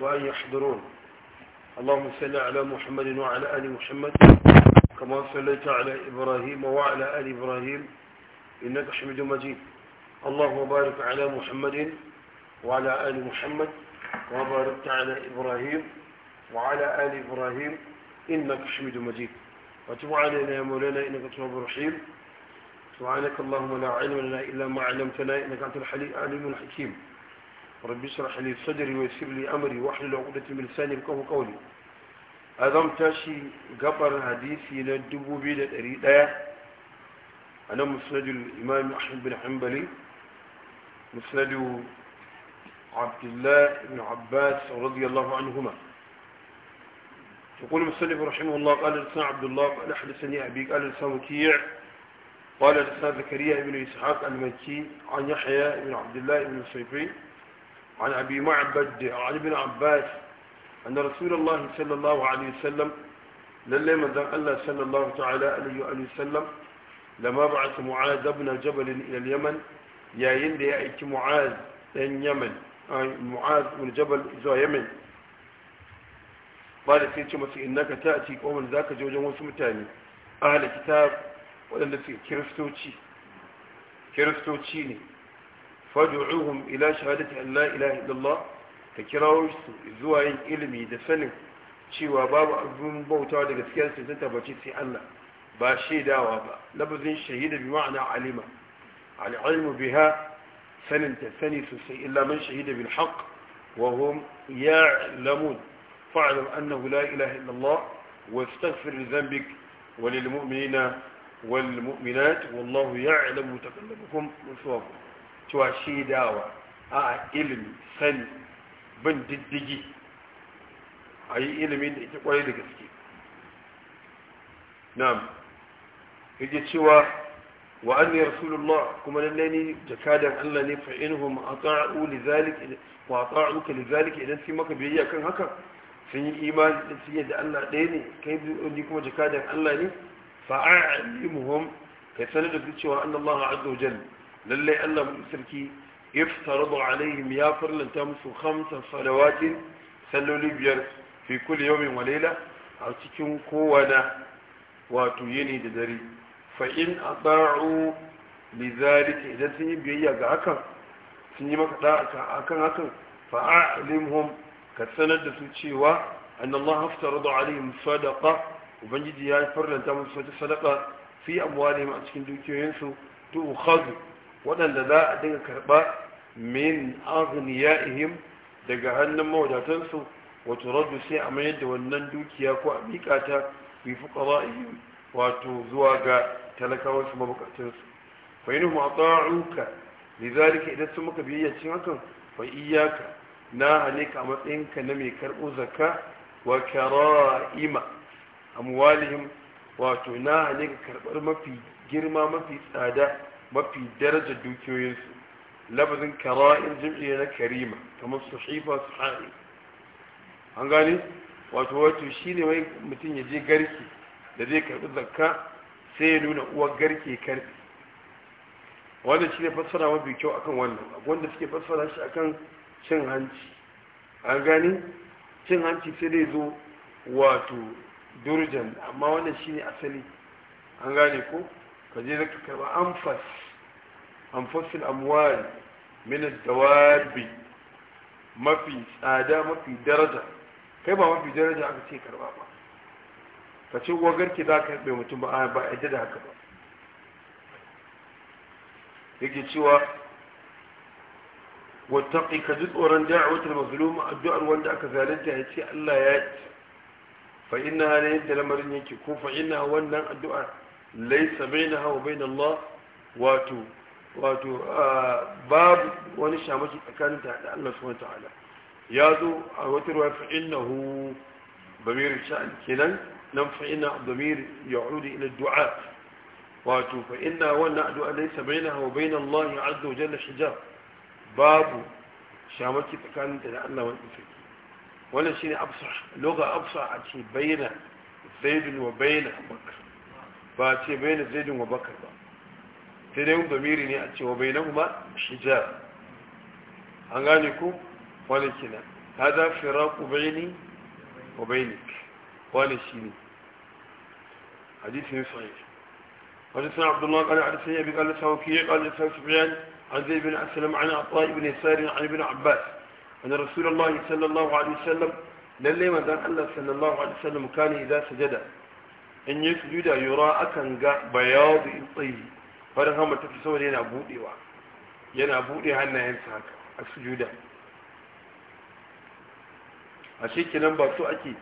وأن يحضرون اللهم صل على محمد وعلى آل محمد كما صليت على إبراهيم وعلى آل إبراهيم إنك حميد مجيد اللهم بارك على محمد وعلى آل محمد وباركت على إبراهيم وعلى آل إبراهيم إنك حميد مجيد وتب علينا يا مولانا إنك تواب رحيم سبحانك اللهم لا علم لنا إلا ما علمتنا إنك أنت الحليم الحكيم رب اشرح لي صدري ويسر لي أمري واحلل عقدة من لساني بكه قولي أذم تاشي قبر حديثي ندبو بيد الأريدة أنا مسند الإمام أحمد بن حنبلي مسند عبد الله بن عباس رضي الله عنهما يقول المسلم رحمه الله قال لسان عبد الله قال حدثني أبي قال لسان وكيع قال لسان زكريا بن إسحاق المكي عن يحيى بن عبد الله بن سيفي عن أبي معبد عن ابن عباس أن رسول الله صلى الله عليه وسلم للي من ذا الله صلى الله تعالى عليه وآله وسلم لما بعث معاذ بن جبل إلى اليمن يا يندي إيك معاذ إن يمن معاذ بن جبل إذا يمن قال سيدي مسي إنك تأتي قوم ذاك جوجا تاني أهل كتاب ولن في كريستوتشي كريستوتشي فادعوهم إلى شهادة أن لا إله إلا الله فكراوش زوائي إلمي دفنه شوى باب أبوهم بوتا لك سياسة تباتي في أن باشي داوة با. لبز شهيد بمعنى علم العلم بها سنن تثني سسي إلا من شهيد بالحق وهم يعلمون فاعلم أنه لا إله إلا الله واستغفر لذنبك وللمؤمنين والمؤمنات والله يعلم متقلبكم وصوابكم cewa shaidawa a ilimi sani bin diddigi a yi ilimi da ita kwarai da gaske na'am yake cewa wa anni rasulullah kuma lalle ni jakadan Allah ne fa inhum ata'u idan sai maka biyayya kan haka sun yi imani da su yadda Allah ɗaya ne kai ni kuma jakadan Allah ne fa a'limuhum kai sanar da cewa annallaha azza wa lallai Allah sarki iftaradu alaihim ya farlanta musu khamsan salawatin salloli biyar fi kulli yawmin wa layla a cikin kowane wato yini da dare fa in ata'u li zalika idan sun yi biyayya ga hakan sun yi maka da'a akan hakan fa a'limhum ka sanar da su cewa annallaha iftaradu alaihim sadaqa ubangiji ya farlanta musu wata sadaqa fi amwalihim a cikin dukiyoyinsu tu'khadhu waɗanda za a dinga karɓa min aghniyaihim daga hannun mawadatansu wato rabu sai a mayar da wannan dukiya ko a miƙa ta bi fuqara'ihim wato zuwa ga talakawansu mabukatansu fa inhum da zarika idan sun maka biyayya cin hakan fa iyaka na ka a matsayinka na mai karɓo zaka wa kara'ima amwalihim wato na ka karɓar mafi girma mafi tsada mafi daraja dukiyoyinsu labazin kara'in jim'i na karima kamar su su sahi an gane wato wato shi ne mai mutum ya je garki da zai karbi zakka sai ya nuna uwar garke karfi wanda shi ne fassara mafi kyau akan wannan wanda suke fassara shi akan cin hanci an gani cin hanci sai dai zo wato durjan amma wannan shi ne asali an gane ko ka je ka karba anfas anfasil amwal min ad-dawabi mafi tsada mafi daraja kai ba mafi daraja aka ce karba ba ka ce wagarki za ka haɓe mutum ba a ba yadda da haka ba yake cewa wattaƙi ka ji a da'awatar mazuluma addu'ar wanda aka zalunta ya ce Allah ya ci fa inna hana lamarin yake ko fa wannan addu'ar laisa bainaha wa bain Allah wato wato babu wani shamaki tsakanin ta da Allah subhanahu ta'ala ya zo a wata ruwa fa innahu damir sha'an kenan nan fa inna damir ya'udu ila du'a wato fa inna wannan addu'a laisa bainaha wa bain Allah azza wa jalla hijab babu shamaki tsakanin ta da Allah wannan sai wannan shine absah lugha absah a ce baina zaidun wa baina abubakar ba a ce bai na zaidin wa bakar ba sai dai yin domiri ne a cewa bai na kuma Shijar. an gane ku wani kina ta za firaku bai ni wa bai ni wani shi ne hadisun sa'i Wani suna abdullawa kan hadisun yabi kan sauki ya kan sauki sufiyan an zai bin asalam an abuwa ibn isarin an ibn abbas an rasulallah sallallahu alaihi wasallam lallai manzan allah sallallahu alaihi wasallam kane idan sajada in yi sujuda yura akan ga in tsayi farin hama ta fi saboda yana budewa yana bude hannayensa haka a sujuda a shekinan ba su ake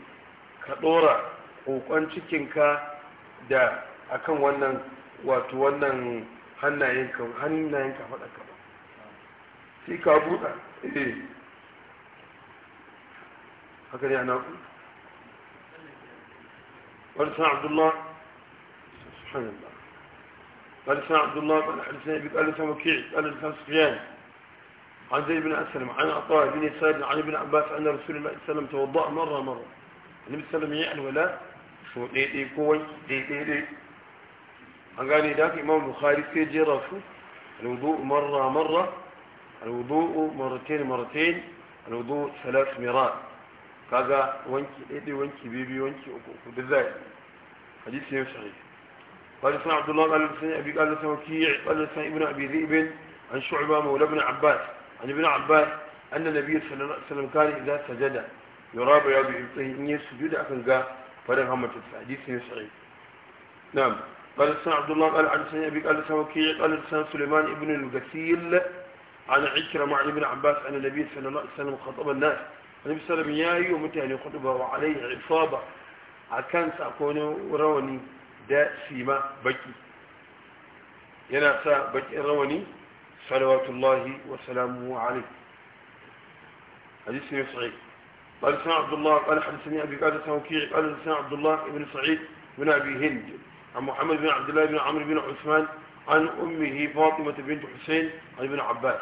ka dora kokon cikinka da akan wannan wato wannan hannayenka hannayenka faɗa ka ba sai ka buɗa eh. haka ne a naku قال سيدنا عبد الله سبحان الله قال سيدنا عبد الله قال حدثنا ابي قال وكيع قال سيدنا سفيان عن زيد بن اسلم عن عطاء بن يسار عن ابن عباس ان رسول الله صلى الله عليه وسلم توضا مره مره النبي صلى الله عليه وسلم يعني ولا so daidai kowai دي dai an gane da haka imam bukhari sai jera الوضوء مره marra marra مرتين marratain marratain alwudu kaga wanki ɗaiɗai wanki bibi wanki uku uku duk zai hadisi ne sahih قال سمع عبد الله قال لسان أبي قال لسان وكيع قال لسان ابن أبي ذئب عن شعبة مولى ابن عباس عن ابن عباس أن النبي صلى الله عليه وسلم كان إذا سجد يرابع بإبطه إن يسجد أكن قا فرغ هم تدفع حديث صحيح نعم قال لسان عبد الله قال عن لسان أبي قال لسان وكيع قال لسان سليمان ابن الغسيل عن عكرمة عن ابن عباس أن النبي صلى الله عليه وسلم خطب الناس annabi sallam ya yi wa mutane hudu ba wa alai ifaba a kansa ko rawani da sima baki yana sa bakin rawani salawatullahi wa salamu alaihi hadisi ne sahih قال سمع عبد الله قال حدثني أبي قال توكيع قال سمع عبد الله بن سعيد بن أبي هند عن محمد بن عبد الله بن عمرو بن عثمان عن أمه فاطمة بنت حسين عن ابن عباس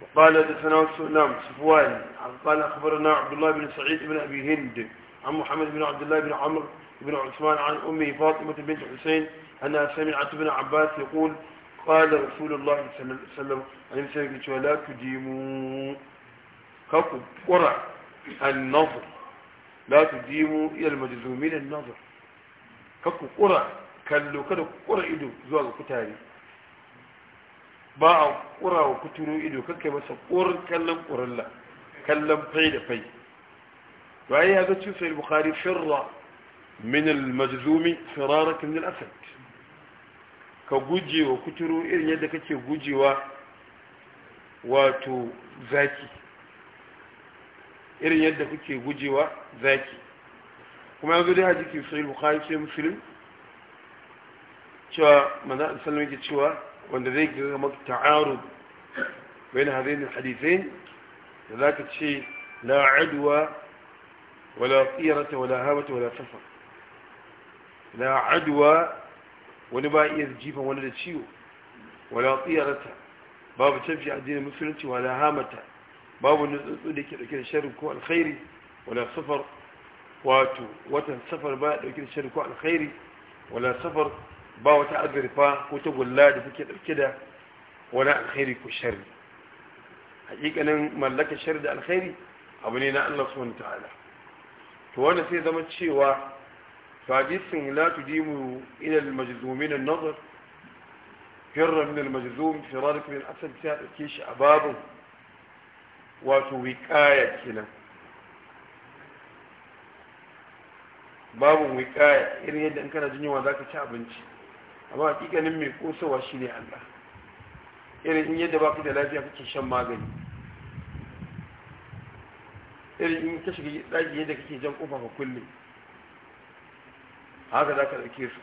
وقال حدثنا نعم سفوان قال أخبرنا عبد الله بن سعيد بن أبي هند عن محمد بن عبد الله بن عمرو بن عثمان عن أمه فاطمة بنت حسين أنها سمعت ابن عباس يقول قال رسول الله صلى الله عليه وسلم أن يمسك لا تديموا كفوا قرع النظر لا تديموا إلى المجزومين النظر كفوا قرع كلو كده قرع إدو زوال كتاري ba a kura wa kuturu ido kake masa ƙorin kallon ƙurilla kallon fai da fai waye ya ga cusa al-bukhari firra min al-majzumi firaraka min al-asad ka gujewa wa kuturu irin yadda kake gujewa wato zaki irin yadda kuke gujewa zaki kuma yanzu dai hadisi sahih bukhari sai muslim cewa manzo sallallahu alaihi wasallam yake cewa وأن ذلك تعارض بين هذين الحديثين ذاك الشيء لا عدوى ولا طيرة ولا هابة ولا سفر لا عدوى ونباء يذجيب ولد الشيء ولا طيرة باب تمشي على المسلمة ولا هامة باب ذلك الشر كوع الخير ولا سفر واتو وتن سفر باء ذلك الشر كوع الخير ولا سفر ba wata azurfa ko ta gulla da suke ɗauke da wani alkhairi ko sharri hakikanin mallaka shari da alkhairi abu ne na Allah subhanahu ta'ala to wanda sai zama cewa fadisin la tudimu ila al-majzumin an-nazar firra min al-majzum firarak min al-asad ta dauke shi a babin wato wiqaya kenan Babin wiqaya irin yadda in kana jinyawa za ka ci abinci amma hakikanin mai kosowa shi ne Allah irin in yadda baka da lafiya kake shan magani irin in ka shiga daji yadda kake jan kofa ka kulle haka za ka ɗauke su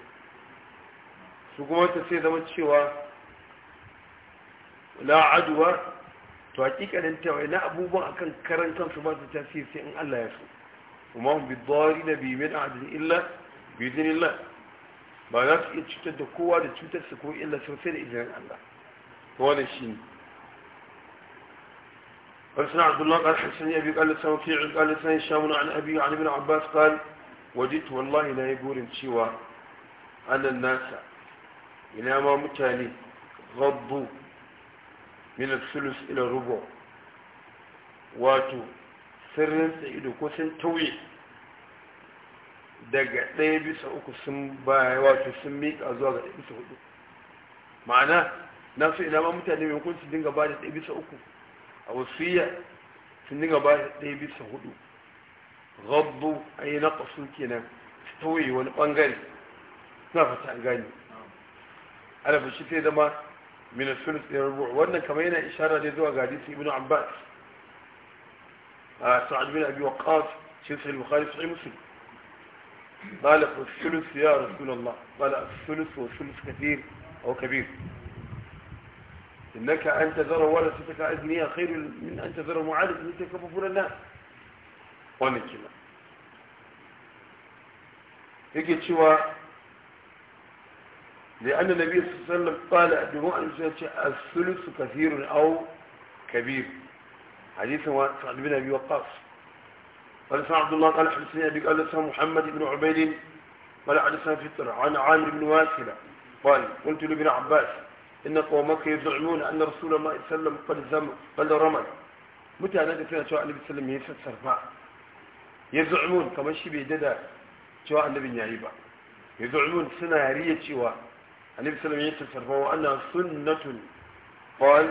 su kuma ta sai zama cewa la'aduwa to hakikanin tawai na abubuwan akan karan kansu ba su tasiri sai in Allah ya so kuma bi dori na bi min ahadin illa bi illa ba za su iya cutar da kowa da cutar su ko illa sai da izinin Allah wani shi ne فلسنا عبد الله قال حسني أبي قال لسان a قال لسان الشامون عن أبي عن ابن عباس قال وجدت والله لا يقول سوى أن الناس إلى ما متالي غضوا من الثلث إلى الربع واتو سرن ko كسن tauye. daga ɗaya bisa uku sun baya wato sun miƙa zuwa ga ɗaya bisa hudu ma'ana na so ina ma mutane mai kun su dinga bada ɗaya bisa uku a wasiya sun dinga bada ɗaya bisa hudu Rabbu a yi na ƙasun kenan su tauye wani ɓangare na fata an gani alafa shi sai zama minasulus ɗin rubu wannan kamar yana ishara ne zuwa ga hadisi ibn abbas a sa'ad bin abi waqqas shi sai bukhari sai muslim قال الثلث يا رسول الله قال الثلث والثلث كثير أو كبير إنك أن تذر ورثتك أذنية خير من أن تذر معالج أن تكففون الناس ومن كلا يجي شوى لأن النبي صلى الله عليه وسلم قال بمؤنسة الثلث كثير أو كبير حديث عن ابن أبي وقاص قال اسمع عبد الله قال حدثني أبي قال اسمع محمد بن عبيد قال حدثنا فطر عن عامر بن واسلة قال قلت لابن عباس إن قومك يزعمون أن رسول الله صلى الله عليه وسلم قد زم قد رمل متى نادى فيها شو النبي صلى الله عليه وسلم يسرفع يزعمون كما شي بيددا شو النبي يعيب يزعمون سنة هرية شو النبي صلى الله عليه وسلم يسرفع وأنها سنة قال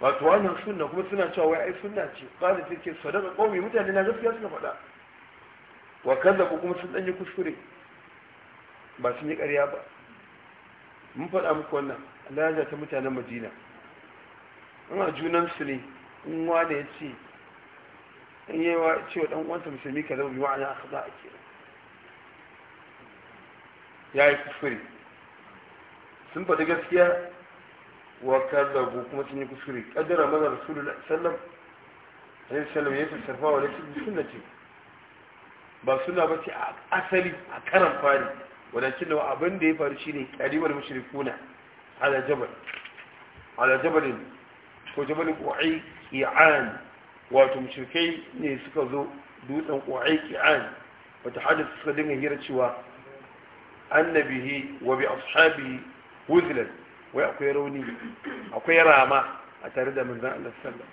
wato wannan sunna kuma suna cewa wai ai sunna ce qala take sadaqa qaumi mutane na gaskiya suka faɗa wa ko kuma sun danyi kuskure ba sun yi ƙarya ba mun faɗa muku wannan Allah ta mutanen Madina ina junan su ne in wani ya ce in yi wa cewa dan uwansa musulmi kaza bi ma'ana akhda ake yayi kuskure sun faɗi gaskiya wa kadabu kuma sun yi kuskure kadara maza rasulullahi sallam alaihi sallam ya falsafa wa lakin sunna ce ba suna ba ce a asali a karan fari walakin da abin da ya faru shine karibar mushrikuna ala jabal ala jabalin ko jabalin qu'ai i'an wato mushrikai ne suka zo dutsen qu'ai i'an wata hadisi suka dinga hira cewa annabihi wa bi ashabihi wuzlan wai akwai rauni akwai rama a tare da manzan Allah sallam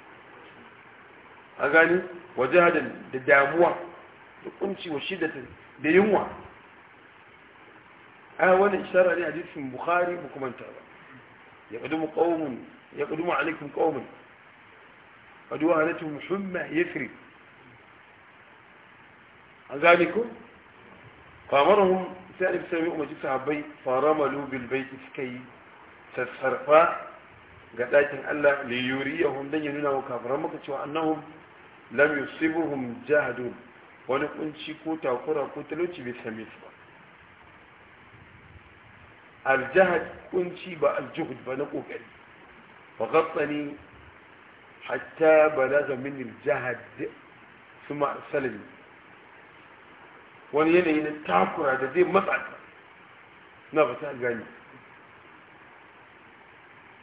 a gani waje hadin da damuwa da kunci wa shidata da yunwa a wani ishara ne a jisun bukhari hukumanta ba ya kudumu qaumun ya kudumu alaikum qaumun kaduwa halittu humma yasri an gani ko famarahum sai a nufi sami umarci sahabbai fara malu bilbai suka yi sassarfa ga ɗakin Allah li yuriyahum dan ya nuna wa kafiran maka cewa annahum lam yusibuhum jahdun wani kunci ko takura ko talauci bai same su ba aljahad kunci ba aljuhud ba na kokari wa ghattani hatta balaga min aljahad kuma salami wani yanayi na takura da zai matsa na fata gani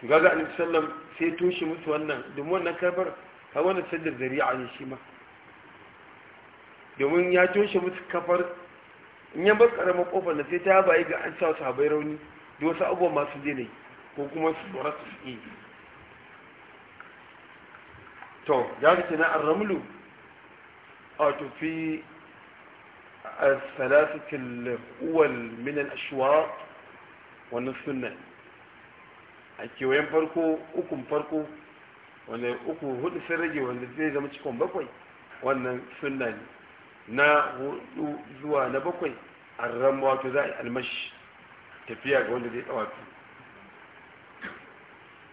gaga annabi sallam sai toshe musu wannan domin wannan kafar ta wannan sadar zari'a ne shi ma domin ya toshe musu kafar in ya bar karamar kofar na sai ta bayi ga an sa sahabbai rauni da wasu abubuwa masu daina ko kuma su tsora su yi to ya ga na arramlu wato fi الثلاثة الأول minan الأشواط wannan sunan. a farko ukun farko wanda uku hudu sun rage wanda zai zama cikon bakwai wannan sunna ne na hudu zuwa na bakwai an ramma wato za a yi almashi tafiya ga wanda zai tsawafi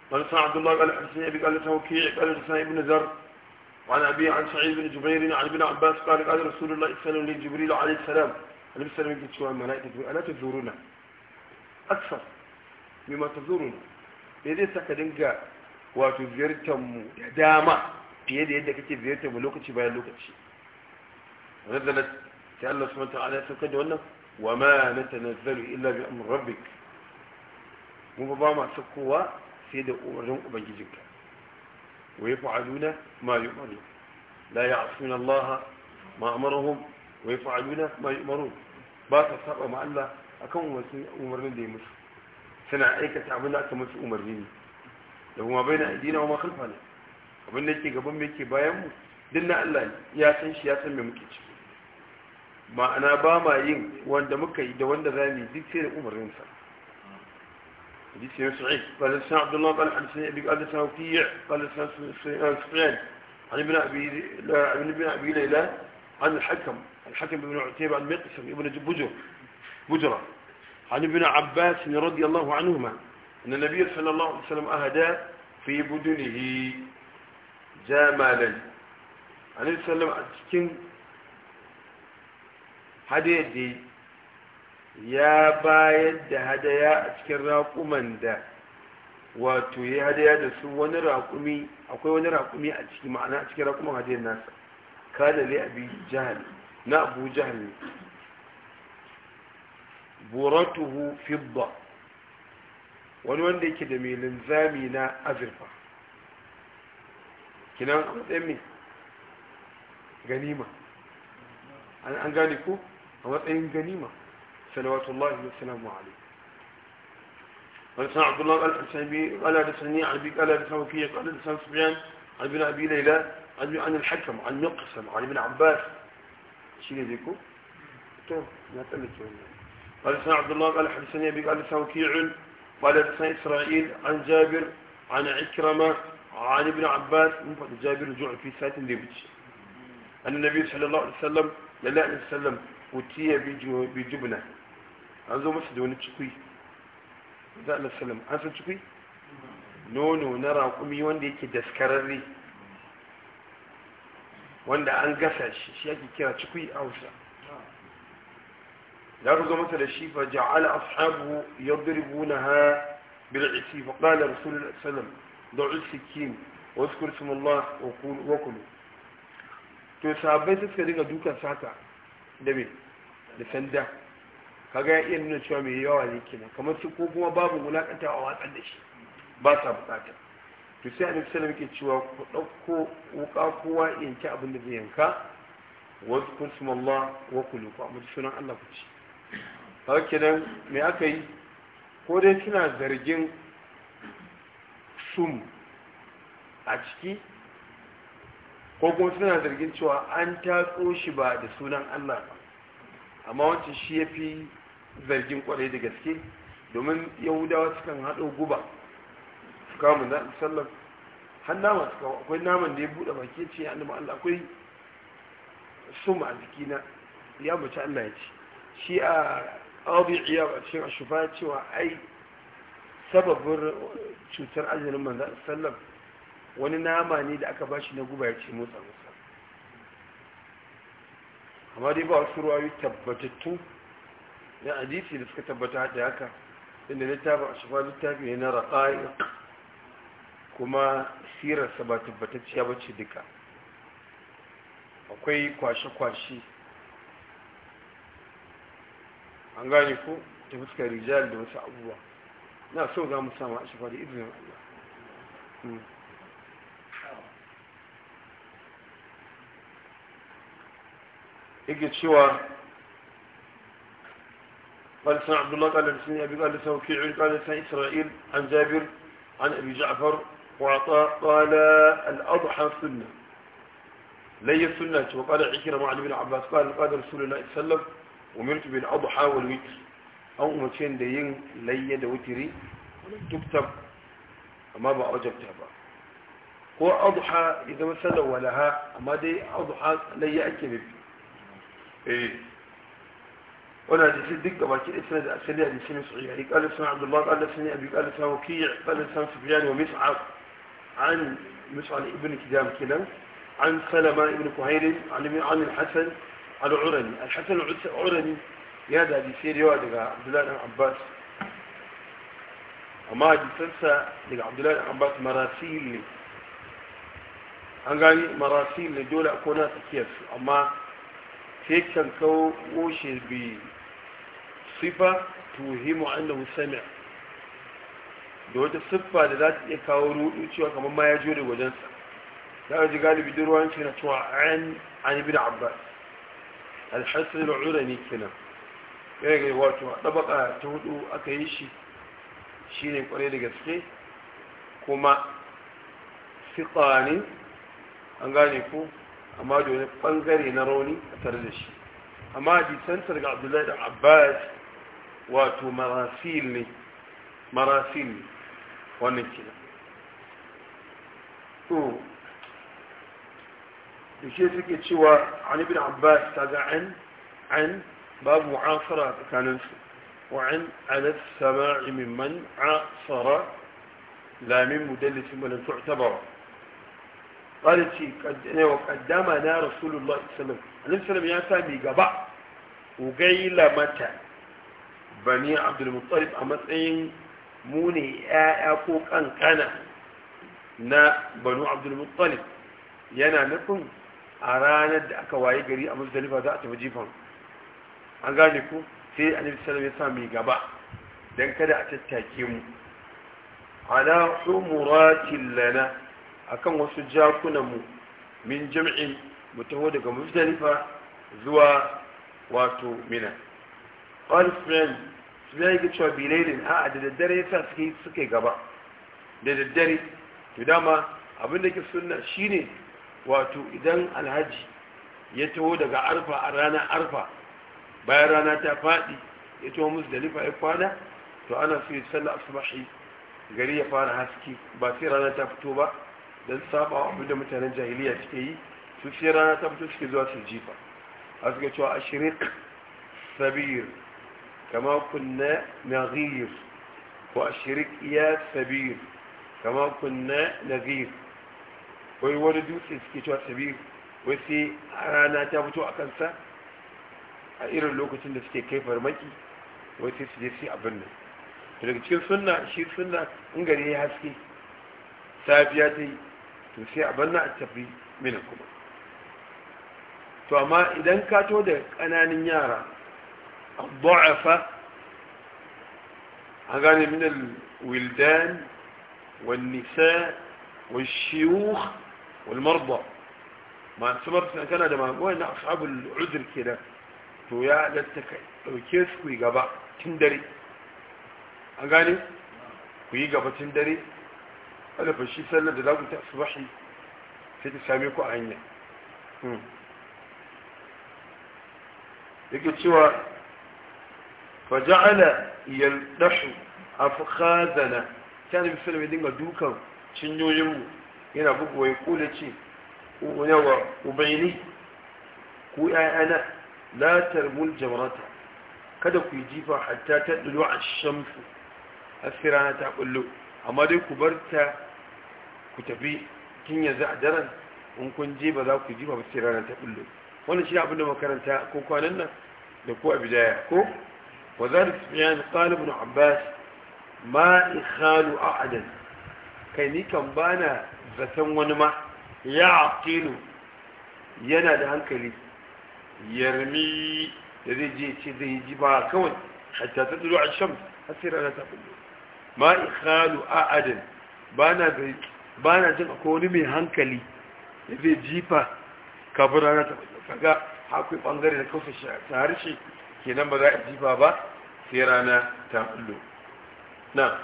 قال سعد الله قال حسين أبي قال توكيع قال حسين بن ذر وعن أبي عن سعيد بن جبير عن ابن عباس قال قال رسول الله صلى الله عليه وسلم لجبريل عليه السلام النبي صلى الله شو الملائكة قلت ألا تزورنا أكثر مما تزورنا me zai saka dinga wato ziyartar mu da dama fiye da yadda kake ziyartar mu lokaci bayan lokaci nazalat ta Allah subhanahu wa ta'ala ya sauka da wannan wa ma natanazzalu illa bi amri rabbik mu ba ma sakowa sai da umarnin ubangijinka wa yaf'aluna ma yi yu'maru la ya'suna Allah ma amarahum wa yaf'aluna ma yi yu'marun ba ta saba ma Allah akan umarnin da ya musu suna aikata abin da aka musu umarni ne da kuma bai na adina wa makalfa abin da ke gaban mai ke bayan mu din na Allah ya san shi ya san mai muke ciki ma'ana ba ma yin wanda muka yi da wanda za mu yi duk sai da umarninsa حديث سعيد قال لسان عبد الله قال حدثنا أبي قال لسان وكيع قال لسان سفيان عن ابن أبي عن ابن أبي ليلى عن الحكم الحكم بن عتيبة عن مقسم ابن بجر بجرة عن ابن عباس رضي الله عنهما أن النبي صلى الله عليه وسلم أهدى في بدنه جمالا عن النبي صلى حديدي يا بايد هديا أتكن راقمان دا وتوهي هديا دسو وانا أو أكوي وانا راقمي أتكن معنا أتكن راقمان هديا الناس كان لأبي جهل نأبو جهل buratuhu fidda wani wanda yake da mai linzami na azurfa kinan matsayin mai ganima an gane ko a matsayin ganima salawatullahi wa salamu alaikum ولسان عبد الله قال الحسيبي قال لسني عبي قال لسان وكيه قال لسان سبيان عن ابن أبي ليلى عن الحكم عن مقسم عن ابن عباس شيء ذيكو تو ما تقلت قال سيدنا عبد الله قال حدثني أبي قال حدثنا وكيع قال حدثنا إسرائيل عن جابر عن عكرمة عن ابن عباس من جابر رجوع في ساعة ليبتش أن النبي صلى الله عليه وسلم لا عليه وسلم أتي بجبنة عنده مسجد ونتشكوي لا لا سلم عنده تشكوي nono na raƙumi wanda yake daskararre wanda an دا shi shi yake كي cikui a أوسع ya ruga masa da shi fa ja'ala ashabu yadribunaha bil iti fa qala rasulullah sallallahu alaihi wasallam sikin wa zkur ismallah wa qul wa kulu to sahabbai suka riga dukan sata da me da sanda kaga ya iya nuna cewa mai yawa ne kenan kamar su ko kuma babu wulakanta a watsar da shi ba sa bukata to sai annabi sallallahu alaihi cewa ku dauko wuka kowa yanke abin da zai yanka wa zkur ismallah wa kulu ku amma sunan Allah ku ci kenan me aka yi ko dai suna zargin sum a ciki ko kuma suna zargin cewa an tatso shi ba da sunan allah ba amma wancan shi ya fi zargin kwarai da gaske domin yahudawa sukan haɗo guba su kawo mu zaɓi sallar har nama su kawo akwai naman da ya buɗe baki ce ya annaba allah akwai sum a jikina ya mace allah ya ce shi a ƙaubiyar a cikin ashufa cewa ai sababin cutar azumin manzan sallam wani nama ne da aka bashi na guba ya ce motsa motsa amma dai ba wasu ruwayu tabbatattu. na aditi da suka tabbata da haka inda littafin ashufa littafi ne na raƙa'i kuma sirarsa ba tabbatacciya ba ce duka akwai kwashe-kwashe an gane ta fuskar rijal da wasu abubuwa na so mu izinin hmm. yake cewa قال عبد الله قال لسنة أبي قال لسنة قال لسنة إسرائيل عن جابر عن أبي جعفر وعطاء قال الأضحى سنة ليس سنة وقال عكرمة عن ابن عباس قال قال رسول الله صلى الله عليه وسلم umirtu بين adha والوتر witr an umarce da yin layya da witri wannan tuktab amma ba wajabta ba ko adha idan masalla walaha amma dai adha layya ake nufi eh وانا حديث دقة باكي اسند اسند حديث قال اسمع عبد الله قال اسمع ابي قال اسمع وكيع قال اسمع سفيان ومسعر عن مسعر ابن كدام كلام عن سلمة ابن كهير عن عن الحسن al'urani al al'urani ya da sai da yawa daga abdullahi dan abbas amma hadisansa daga abdullahi dan abbas marasil ne an gani marasil ne dole ko na tsakiyarsu amma sai kan kawo shi bi sifa tuhimu annahu sami' da wata siffa da za ta iya kawo rudu cewa kamar ma ya jo da wajensa ya ji galibi duk ruwan na cewa an an da abbas alhassan al'urani kenan gaggai wato a ɗabaka ta hudu aka yi shi shi ne kwarai da gaske kuma fiƙanin an gane ko amma da wani ɓangare na rauni a tare da shi amma a jisantar ga abdullahi da abbas wato marasil ne marasil ne wannan kenan da shi suke cewa an ibn abbas ta ga an an babu mu'asara tsakaninsu wa an sama'i mimman asara lamin mudallisin balin tu'tabara قال شيء ne wa الله na الله عليه وسلم يا سامي غبا وقيل متى بني عبد المطلب أمسعين موني أكو كان ko kankana na banu المطلب yana nufin. a ranar da aka waye gari a musdalifa za a tafi jifan an gane ku sai annabi sallallahu alaihi sa mai gaba dan kada a tattake mu ala umuratin lana akan wasu jakunan mu min jam'in mu taho daga musdalifa zuwa wato mina all friends su ya yi cewa bilailin a da daddare ya sa suke gaba da daddare to dama abin da ke sunna shine wato idan alhaji ya taho daga arfa a ranar arfa bayan rana ta faɗi ya taho musu lifa ya kwana to ana so ya sallar asubahi gari ya fara haske ba sai rana ta fito ba don saba abu da mutanen jahiliya suke yi su sai rana ta fito suke zuwa su jifa a suka cewa ashirin sabir kama kunna naghir ko ashirin iya sabir kama kunna naghir wai wani dutse suke cewa sabir wai sai rana ta fito a kansa a irin lokacin da suke kai farmaki wai sai su je su abin nan to daga cikin sunna shi sunna in gari ya haske safiya ta yi to sai abin nan a tafi mina kuma to amma idan ka to da ƙananan yara a ba'afa an gane minal wildan والنساء والشيوخ والمرضى ما سمرت كان هذا ما هو أصحاب العذر كده تويا لتك كيس كوي جبا تندري أقالي كوي جبا تندري أنا بشي سنة دلوقتي تأصبحي تتساميكو عيني يقول سوى فجعل يلدح أفخاذنا كان بسلم يدينا دوكا تنجو يمو yana bugu wai kula ce yawa ubaini ku ‘ya'yana latar mul jamarata kada ku yi jifa hatta ta ɗulu a shamsu a rana ta ɓullo amma dai ku bar ta ku tafi kin yanzu a daren in kun je ba za ku jifa ba sai rana ta ɓullo wani shi abin da makaranta ko kwanan nan da ko a bidaya ko wa zalik sufiyan qala ibn abbas ma ikhalu a'adan kai ni kan bana zaton wani ma ya aqilu yana da hankali yarmi da zai je ce zai ji ba kawai hatta ta tulu a sham a sai rana ta kullu ma ikhalu a'adin bana ba bana jin akwai wani mai hankali da zai jifa kafin rana ta kullu kaga akwai bangare da kofar ta harshe kenan ba za a jifa ba sai rana ta kullu na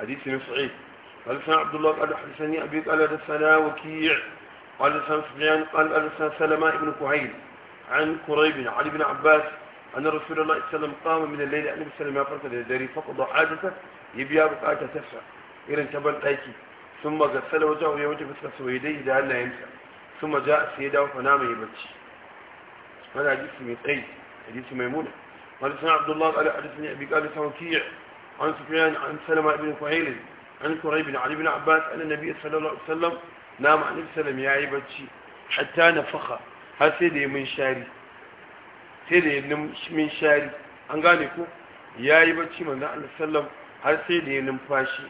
حديث من سعيد قال سمع عبد الله قال حدثني أبي قال حدثنا وكيع قال حدثنا سفيان قال حدثنا سلمة بن كهيل عن كريب علي بن عباس أن رسول الله صلى الله عليه وسلم قام من الليل أن يسلم ما فرق لداري فقضى حاجته يبيع بقعة تسع إلى انتبه الأيكي ثم غسل وجهه يوجه بسكس ويديه لا ينسى ثم جاء سيده فنام يبكي هذا حديث من قيد حديث ميمونة قال سنة عبد الله قال حدثني أبي قال سنة وكيع عن سفيان عن سلمة بن كهيل عن كريب بن علي بن عباس أن النبي صلى الله عليه وسلم نام عن السلام يا عبتي حتى نفخ har sai da ya mun sai da ya min shari an gane ko ya yi bacci manzo Allah har sai da ya numfashi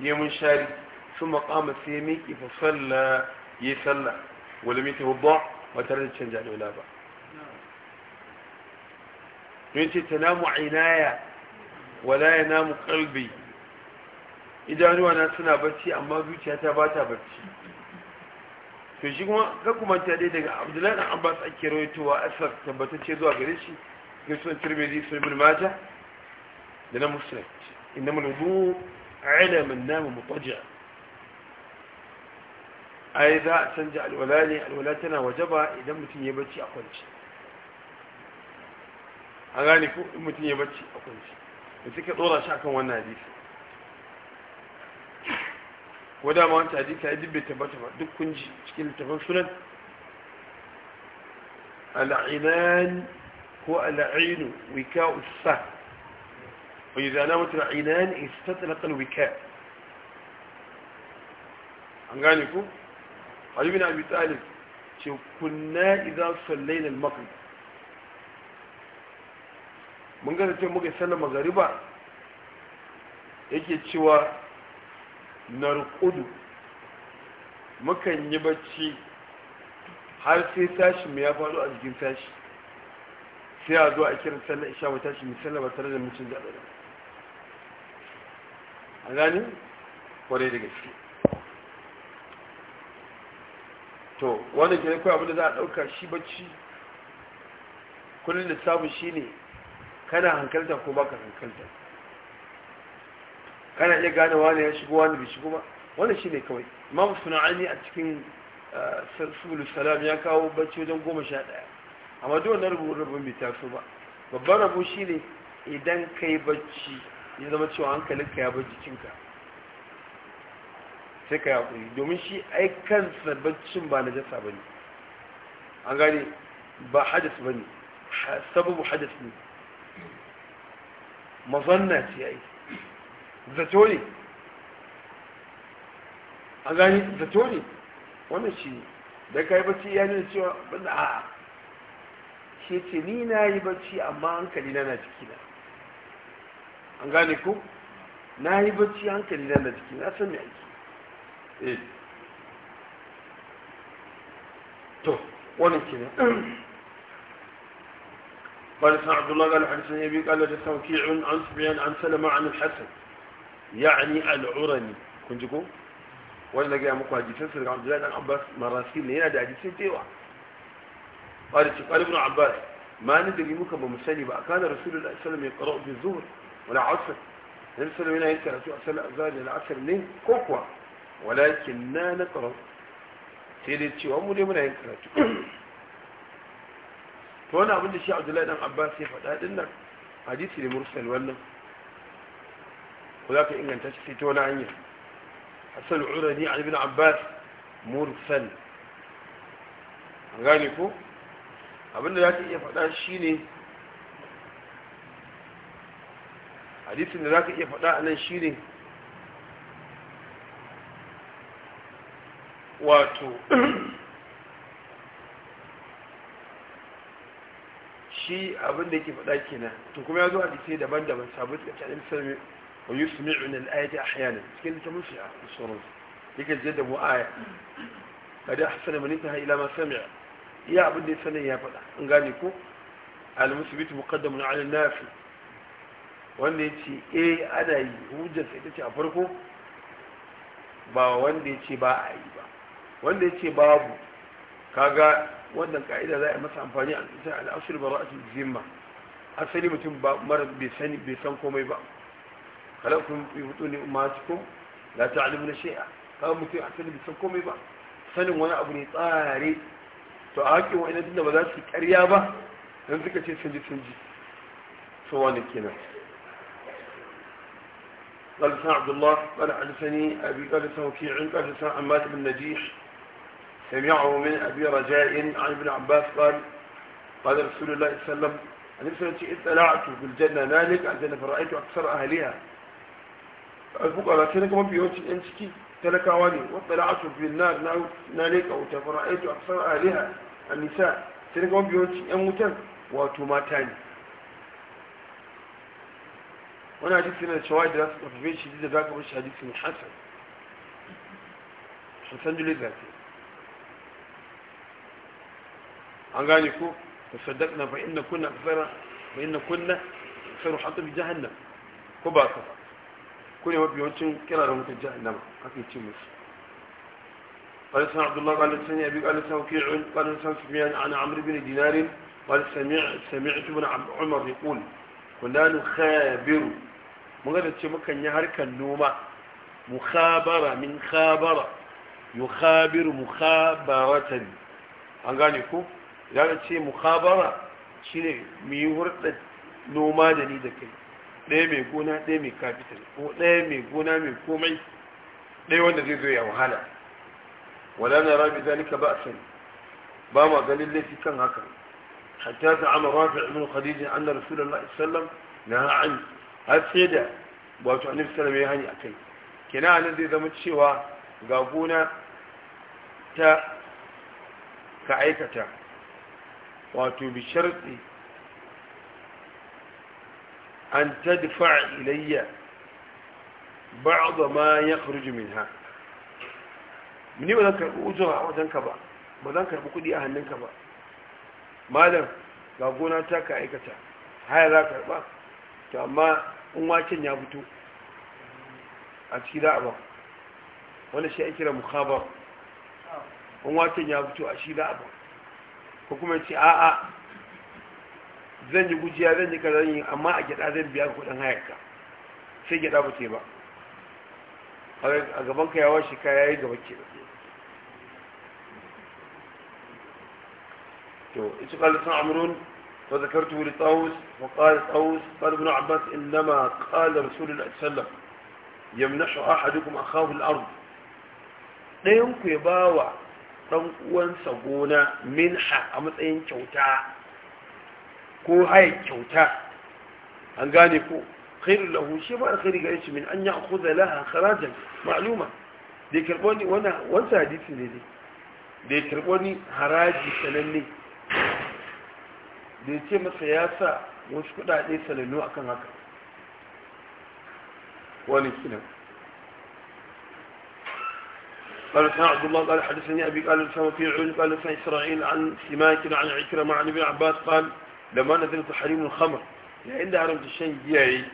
ya mun shari sun maƙama sai ya miƙi fa salla ya mai ba tare da canja da ba don ce ta namu wala ya namu kalbi idanuwa na suna bacci amma zuciyata ba ta bacci to shi kuma ka kuma ta dai daga abdullahi dan abbas ake rawaitowa asar ce zuwa gare shi ga sunan tirmidhi sun ibn majah da na muslim innamal wudu ala min nam mutaja yi za a canja alwala ne alwala tana wajaba idan mutum ya bacci a kwanci an gane ko in mutum ya bacci a kwanci ذكر دورا شاكم وانا هديث ودا ما انت هديث هاي دبي تبات ما دب كنجي شكل تفهم شو لن العنان هو العين وكاء الساء وإذا نامت العنان استطلق الوكاء أنغانيكم علي بن أبي ان يكون إذا صلينا المغرب mun ga ce muka sallar magariba yake cewa narqudu mukan yi bacci har sai tashi mu ya faru a jikin tashi sai a zo a kiran sallar isha mu tashi mu sallar ba tare da mutum da ɗaya a gani kwarai da gaske to wanda ke kawai abin da za a ɗauka shi bacci kullum da samu shi ne kana hankalta ko baka hankalta kana iya gane wani ya shigo wani bai shigo ba wani shi ne kawai suna suna'ani a cikin eh, sulhu salam ya kawo bacci wajen goma sha ɗaya amma duk wannan rubu rubun bai taso ba babban rabu shi ne idan ka yi bacci ya zama cewa hankalinka ya bar jikinka sai ka yi domin shi ai kansa baccin ba na jasa ba ne an gane ba hadas ba ne sababu hadas ne mazanna ce ya yi zato ne a gani zato ne wannan shi da ka yi bacci ya nuna cewa banda a ke ce ni na yi bacci amma hankali na na na an gane ku na yi bacci hankali na na jikina san mai aiki eh to wannan kenan قال اسمع عبد الله قال حدثني أبي قال حدثنا وكيع عن سفيان عن سلمة عن الحسن يعني العرني كنت تقول wanda gaya muku hadisin sirga abdullahi dan abbas marasil ne yana da hadisin cewa qala shi qala ibn abbas ma ni da muka ba musali ba kana rasulullahi sallallahu alaihi wasallam yaqra'u wala asr dan sallallahu yana yin karatu a sallar azhar da asr ne ko kuwa na sai dai cewa mu dai muna yin karatu to wani abin da shi abdullahi dan abbas ya faɗa din nan hadisi ne mursal wannan ko za ka inganta shi ta wani hanya asal urani an ibn abbas mursal an gane ko abin da za ka iya faɗa shi ne hadisin da za ka iya faɗa a nan shi ne wato shi abin da yake faɗa kenan to kuma ya zo a disai daban-daban sabu suka canin sami wa yi su mi'un al'ayati a hayanin cikin littafin shi a sauran yake zai da mu'aya ba da hasana mani ta haila ma sami'a iya abin da ya sanin ya faɗa an gane ko al-musibiti muqaddamun ala nafi wanda ya ce eh ana yi hujjar sai ta ce a farko ba wanda ya ce ba a yi ba wanda ya ce babu kaga وأن القاعدة لا يمسع أنفاني عن الإنسان على أصل براءة الزمة أصل يمتون مرض بيساني بيسانكم أي بقى خلقكم يبطون أماتكم لا تعلمون شيئا فهو متون أصل بيسانكم أي بقى سنو وانا أبني طاري تعاكي وإن دلنا بذات في كريابة ننزك شيء سنجي سنجي سواني كنا قال سنع عبد الله قال حدثني أبي قال سنوكي عن قال سنع عمات بن نجيح سمعه من أبي رجاء عن ابن عباس قال قال رسول الله صلى الله عليه وسلم أنا اطلعت في الجنة نالك الجنة فرأيت أكثر أهلها الفقراء سنك ما في يوتي الانسكي تلك واني واطلعت في النار نعم، مالك أو فرأيت أكثر أهلها النساء سنك ما في يوتي أموتان وتماتان وانا حديث من الشواهد لا تطفي شديدة ذاك مش حديث من حسن حسن جلي ذاتي عنقانيكو فصدقنا فإن كنا أكثر فإن كنا أكثر حطة في جهنم كباسة كل يوم بيوتشن كلا رمت الجهنم أكي تيموش قال سنة عبد الله قال سنة أبي قال سنة وكيع قال سنة سبيان عن عمرو بن دينار قال سمع سمعت ابن عمر يقول كنا نخابر من قال تيموك أن يهرك النوم مخابرة من خابرة يخابر مخابرة عنقانيكو ya ce mukhabara shine mu yi hurɗa noma da ni da kai ɗaya mai gona ɗaya mai kafital ko ɗaya mai gona mai komai ɗaya wanda zai zo ya wahala wala na rabi zalika ba a sani ba ma ganin laifi kan haka hatta ta amma rafi ibn khadija anna rasulullah sallam na an har sai da wato annabi sallam ya hani akai kina nan zai zama cewa ga gona ta ka aikata wato bi sharti an tadfa ilayya ba'd ma ya yakhruju minha ni ba zan karɓi ujura a wajenka ba ba zan karɓi kuɗi a hannunka ba malam ga gona ta ka aikata haya za karɓa to amma in waken ya fito a ciki za a ba wanda shi an kira mukabar in waken ya fito a shi za a ba ko kuma ce a'a zan yi gujiya zan yi kaza yi amma a gyada zan biya kudin hayarka sai gyada ba ce ba a gaban ka yawon shi ya yi gaba ke to ita kalisan amurun فذكرته لطاوس وقال طاوس قال ابن عباس إنما قال رسول الله صلى الله عليه وسلم يمنح أحدكم أخاه الأرض لا يمكن يباوع ɗan uwansa gona minha a matsayin kyauta ko haya kyauta an gane ko khairu lahu shi ba alkhairi ga shi min an ya khudha laha kharajan ma'luma da karɓo ni wannan wannan hadisi ne dai da karɓo ni haraji sananne da ce masa ya sa wasu kudade sanannu akan haka wani kinan قال حدثنا عبد الله قال حدثني أبي قال لسان في عيون قال لسان إسرائيل عن سماك عن عكرمة عن ابن عباس قال لما نزلت حريم الخمر يعني عند حرمت الشيء جيعي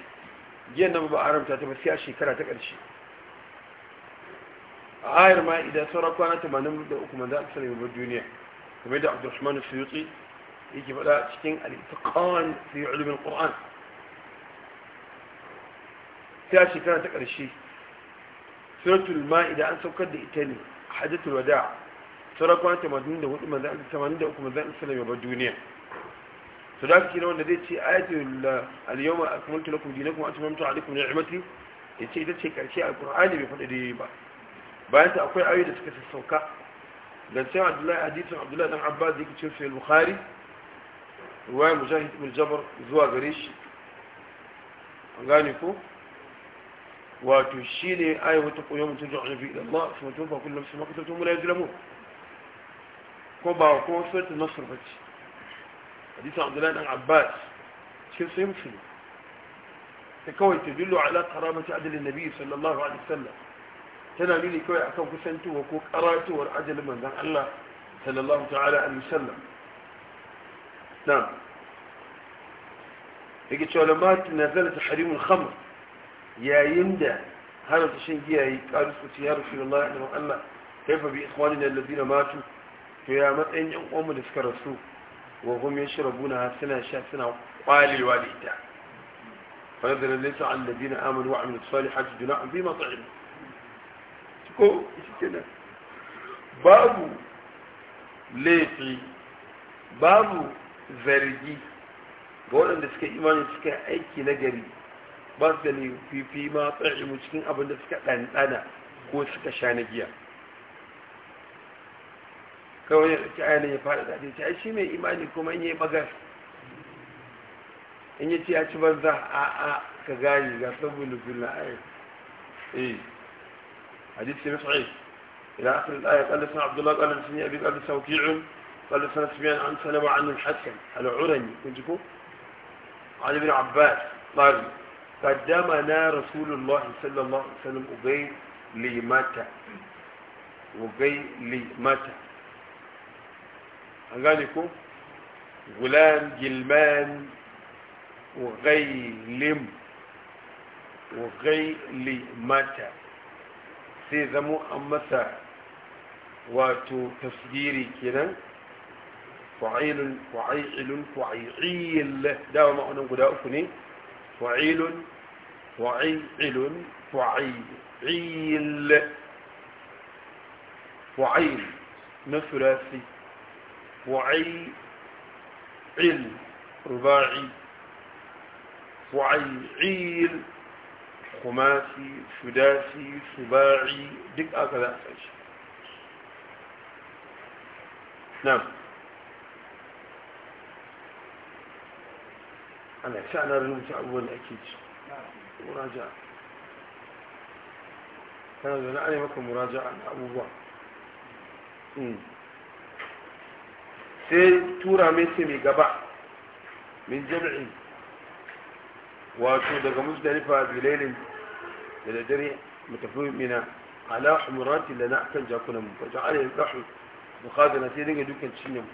جينا ببقى حرمتها تبسي أشي كلا شيء عاير ما إذا سرى كوانا تمانين بدأ أكما ذا أكثر من الدنيا كما يدعى عبد الرحمن السيوطي يجب على تشتين الاتقان في علم القرآن تأشي كلا تكرشي suratul ma'ida an saukar da ita ne hajjatul wada sarakwa 84 manzan islam ya bar duniya da kike wanda zai ce ayatul uh, ita ce karshe bai ba bayan ta akwai ayoyi da suka sassauka dan sai Abdullahi hadisin Abdullahi dan Abbas yake cewa sai bukhari Mujahid ibn zuwa gare shi an gane ko وتشيني آية وتقوى يوم ترجعون فيه إلى الله ثم توفى كل نفس ما قتلتم ولا يظلمون كوبا وكوبا سورة النصر فتي حديث عبد الله بن عباس شيخ صحيح مسلم تكوي تدل على قرابة عدل النبي صلى الله عليه وسلم تنالي لي كوي أكو كسنتو وكو قرأتو والعدل من ذا الله صلى الله تعالى عليه وسلم نعم يجي تشوالمات نزلت حريم الخمر yayin da hana ta shan giya yi ƙaru su ce ya rufe Allah ya Allah kaifa bi ikhwani da lalazi na matu to ya matsayin yan uwanmu da suka rasu wa kuma ya shirabu na suna sha suna kwalewa da ita fara da lalaisa an lalazi na amur wa amin sali hajji juna an bi matsayin ko shi kenan babu laifi babu zargi ga waɗanda suka imani suka aiki na gari ba su da laifi fi ma mu cikin abin da suka ɗanɗana ko suka sha na giya kawai ya ci ayyana ya faɗa da ta shi mai imani kuma in yi bagas in yi ci ya ci banza a a ka gani ga sabbin nufin na ayyar eh hadisi mutsai idan aka da ayyar ƙallisan abdullahi ƙallisan ya bi ƙallisan ki'un قال سفيان عن سلمة عن الحسن العرني كنت عن ابن عباس قال قدمنا رسول الله صلى الله عليه وسلم أبي لمتى أبي لمتى أغانيكو غلام جلمان وغيلم وغيلمتى سيزمو أمسا واتو تفجيري كده فعيل فعيل فعيل دعوة معنا قد أفني وعيل وعيل وعيل وعيل وعيل مفرسي وعيل رباعي وعيل خماسي سداسي سباعي دك أكذا نعم ana sha na rubuta abubuwan da ake ci muraja kana zaune ana maka muraja a abubuwa hmm. sai tura mai sai mai gaba min jami'in wato daga musdalifa bilailin da daddare mutafi mina ala humurati lana akan jakunan mu wajen ana yin ɗahu bukatu sai dinga dukan cinye mu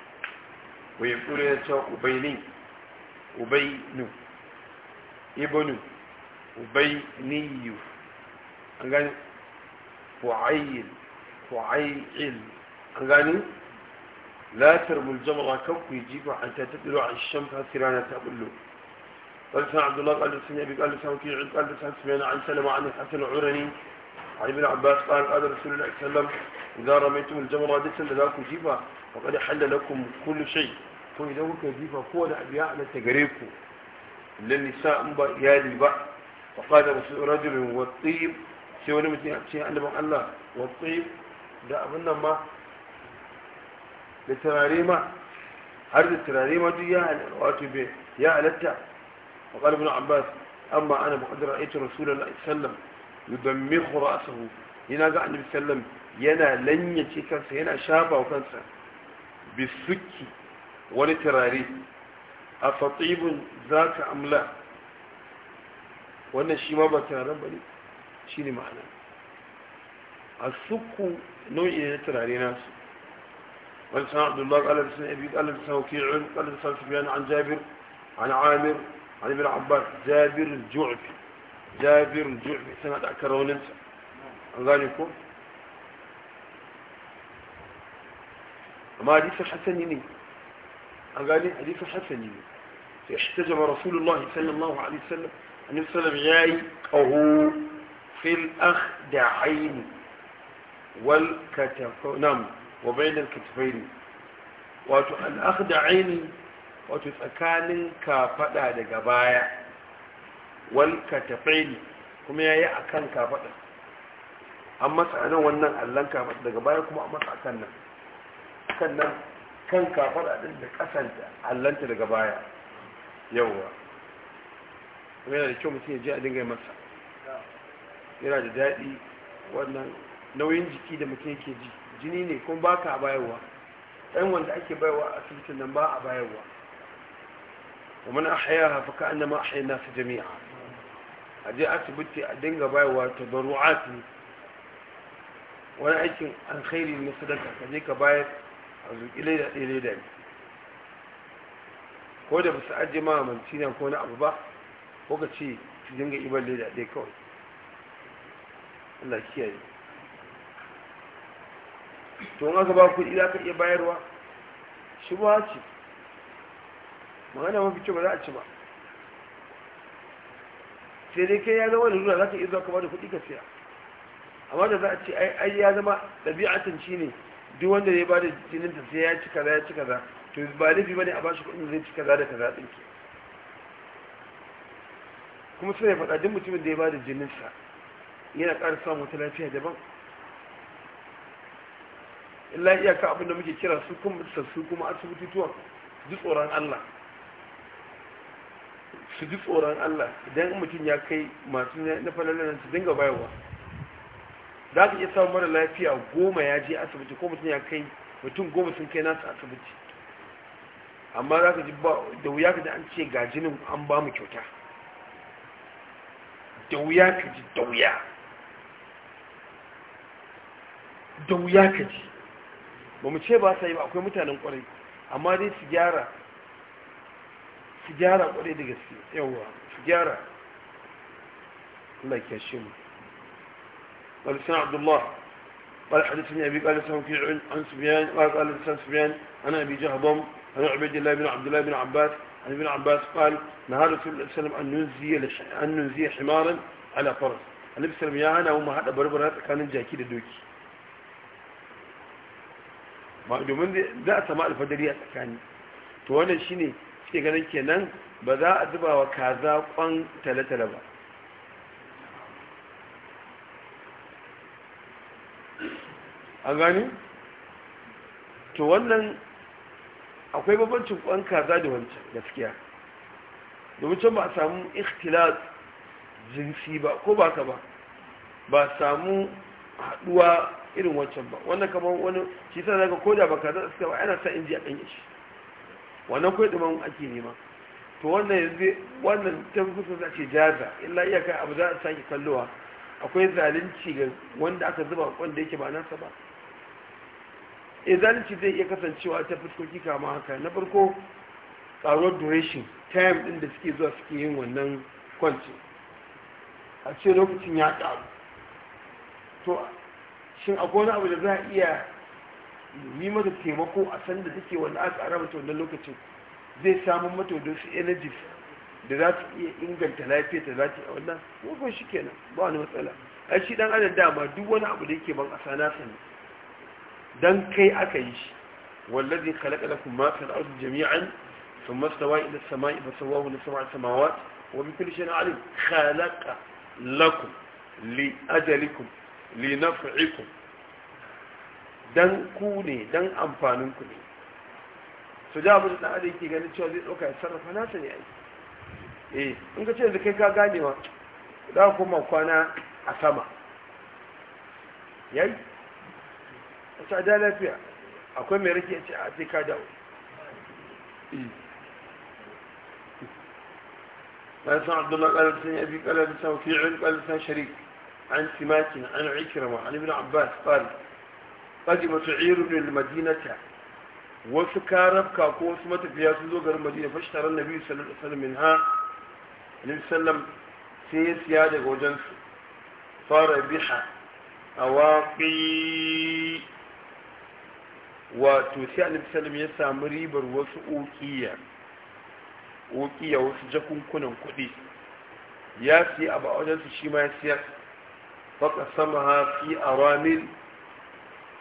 wai kure ya ce ubainin وبين ابن وبيني انغاني فعيل فعيل انغاني لا ترمي الجمره كوك يجيبها حتى تدل على الشمس سيرانا تقول قال سيدنا عبد الله قال سيدنا ابي قال سيدنا وكيع قال سيدنا سمعنا عن سلمة عن الحسن العرني عن ابن عباس قال قال رسول الله صلى الله عليه وسلم اذا رميتم الجمره دسا لا تجيبها فقد حل لكم كل شيء to idan kuka jifa kowane abu ya halatta gare ku lalli sa in ba iyali ba fa qala rasul rajulun wa tayyib sai wani mutum ya ce annabin Allah wa tayyib da abin nan ma da turare ma har da turare ma duk ya halatta wato bai ya halatta fa qala ibn abbas amma ana muqaddara ayatu rasulullahi sallallahu alaihi wasallam yudammihu ra'sahu yana ga annabi sallallahu alaihi wasallam yana lanyace kansa yana shafa kansa bisuki wani turare a fatsibin za ka amla wannan shi ma ba turaren ba ne shi ne ma'ana a suku nau'i da na turare nasu wani san abdullahi ƙalar sun abi ƙalar san hukirun ƙalar san sufiyan an jabir an amir an ibn abbas jabir ju'fi jabir ju'fi suna da aka rauninsa an gane ko amma hadisin hasani ne an gane hadisin ne sai rasulullahi sallallahu alaihi annabi sallam yayi qahu fil wal wa wato al wato tsakanin kafada daga baya wal kuma kafada an masa anan wannan allon kafada daga baya kuma an masa nan nan kan kafaɗa ɗin da kasanta allanta daga baya yawwa yana da kyau mutum ya ji a dinga masa yana da daɗi wannan nauyin jiki da mutum yake ji jini ne kuma ba ka bayarwa ɗan wanda ake bayarwa a asibitin nan ba a bayarwa wa mana ahaya hafa ka annama ahaya nasu jami'a a je asibiti a dinga bayarwa ta baru'at ne wani aikin alkhairi na sadaka ka je ka bayar a zuƙi leda ne ko da ba su ajiye mamanci ne ko na abu ba ko ka ce su dinga iban leda ɗaya kawai Allah kiyaye to in aka ba kuɗi za ka iya bayarwa shi ba ce magana mafi ce ba za a ci ba sai dai kai ya zama da lura za ka iya zuwa kamar da kuɗi ka siya amma da za a ce ai ya zama ɗabi'atan shi ne duk wanda ya bada jinin ta sai ya ci kaza ya ci kaza to ba laifi bane a bashi kuɗin zai ci kaza da kaza din ki kuma sai ya faɗa duk mutumin da ya bada jinin sa yana ƙara samun wata lafiya daban illa iyaka abin da muke kira su kuma su kuma asibitutuwan duk tsoron Allah su ji tsoron Allah idan mutum ya kai masu na falalan su dinga bayarwa za ka iya samun mara lafiya goma ya je asibiti ko mutum ya kai mutum goma sun kai nasu asibiti amma za ka ji da wuya ka ji an ce ga jinin an ba mu kyauta da wuya ka ji da wuya da wuya ka ji ba mu ce ba sa yi ba akwai mutanen kwarai amma dai su gyara su gyara kwarai da gaske yawwa su gyara Allah ya shi mu قال سنة عبد الله قال حدثني أبي قال سنة وكيع عن سفيان قال قال سنة سفيان أنا أبي جهضم عن عبيد الله بن عبد الله بن عباس عن ابن عباس قال نهى رسول الله صلى الله عليه وسلم أن ننزي حمارا على فرس النبي صلى الله عليه وسلم يا أنا وما هذا بربرات كان جاكي لدوكي domin za a sama alfadari a tsakani to wannan shine suke ganin kenan ba za a zuba wa kaza kwan tale-tale ba an gani to wannan akwai babancin kwan kaza da wancan gaskiya domin can ba a samu ikhtilat jinsi ba ko ba ka ba ba samu haduwa irin wancan ba wannan kamar wani shi sa daga koda ba kaza suka ba yana sa inji a ɗanye shi wannan kwai ɗuman ake nema to wannan yanzu wannan ta kusa za ce jaza illa iyaka abu za a sake kallowa akwai zalunci ga wanda aka zuba da yake ba nasa ba izalci eh, zai iya kasancewa ta fuskoki kama haka na farko tsaron duration time din da suke zuwa suke yin wannan kwanci a ce lokacin ya ƙaru to shin akwai wani abu da za a iya yi mata taimako a sanda take wanda aka ara mata wannan lokacin zai samun mata su energy da za ta iya inganta lafiya ta za ta yi a wannan ko shi kenan ba wani matsala a shi dan adam dama duk wani abu da yake ban asana sani dan kai aka yi shi wallazi khalaqa lakum ma fil ardi jami'an thumma stawa ila fa samai fasawwahunna sab'a samawat wa bi kulli shay'in 'alim khalaqa lakum li ajalikum li naf'ikum dan ku ne dan amfanin ku ne to da abin da ake ke ganin cewa zai dauka ya sarrafa nasa ne ai eh in ka ce yanzu kai ka gane ma da kuma kwana a sama yayi a mai rike ce a afirka da wani san abdullahi wasu karabka ko wasu matafiya zo garin madina fashi taron ya siya daga wajensu fara biha a waƙi wato sai annabi ya samu ribar wasu ukiya ukiya wasu jakunkunan kuɗi ya fi abu a wajensu shi ma ya siya. baka sama ha fi aramil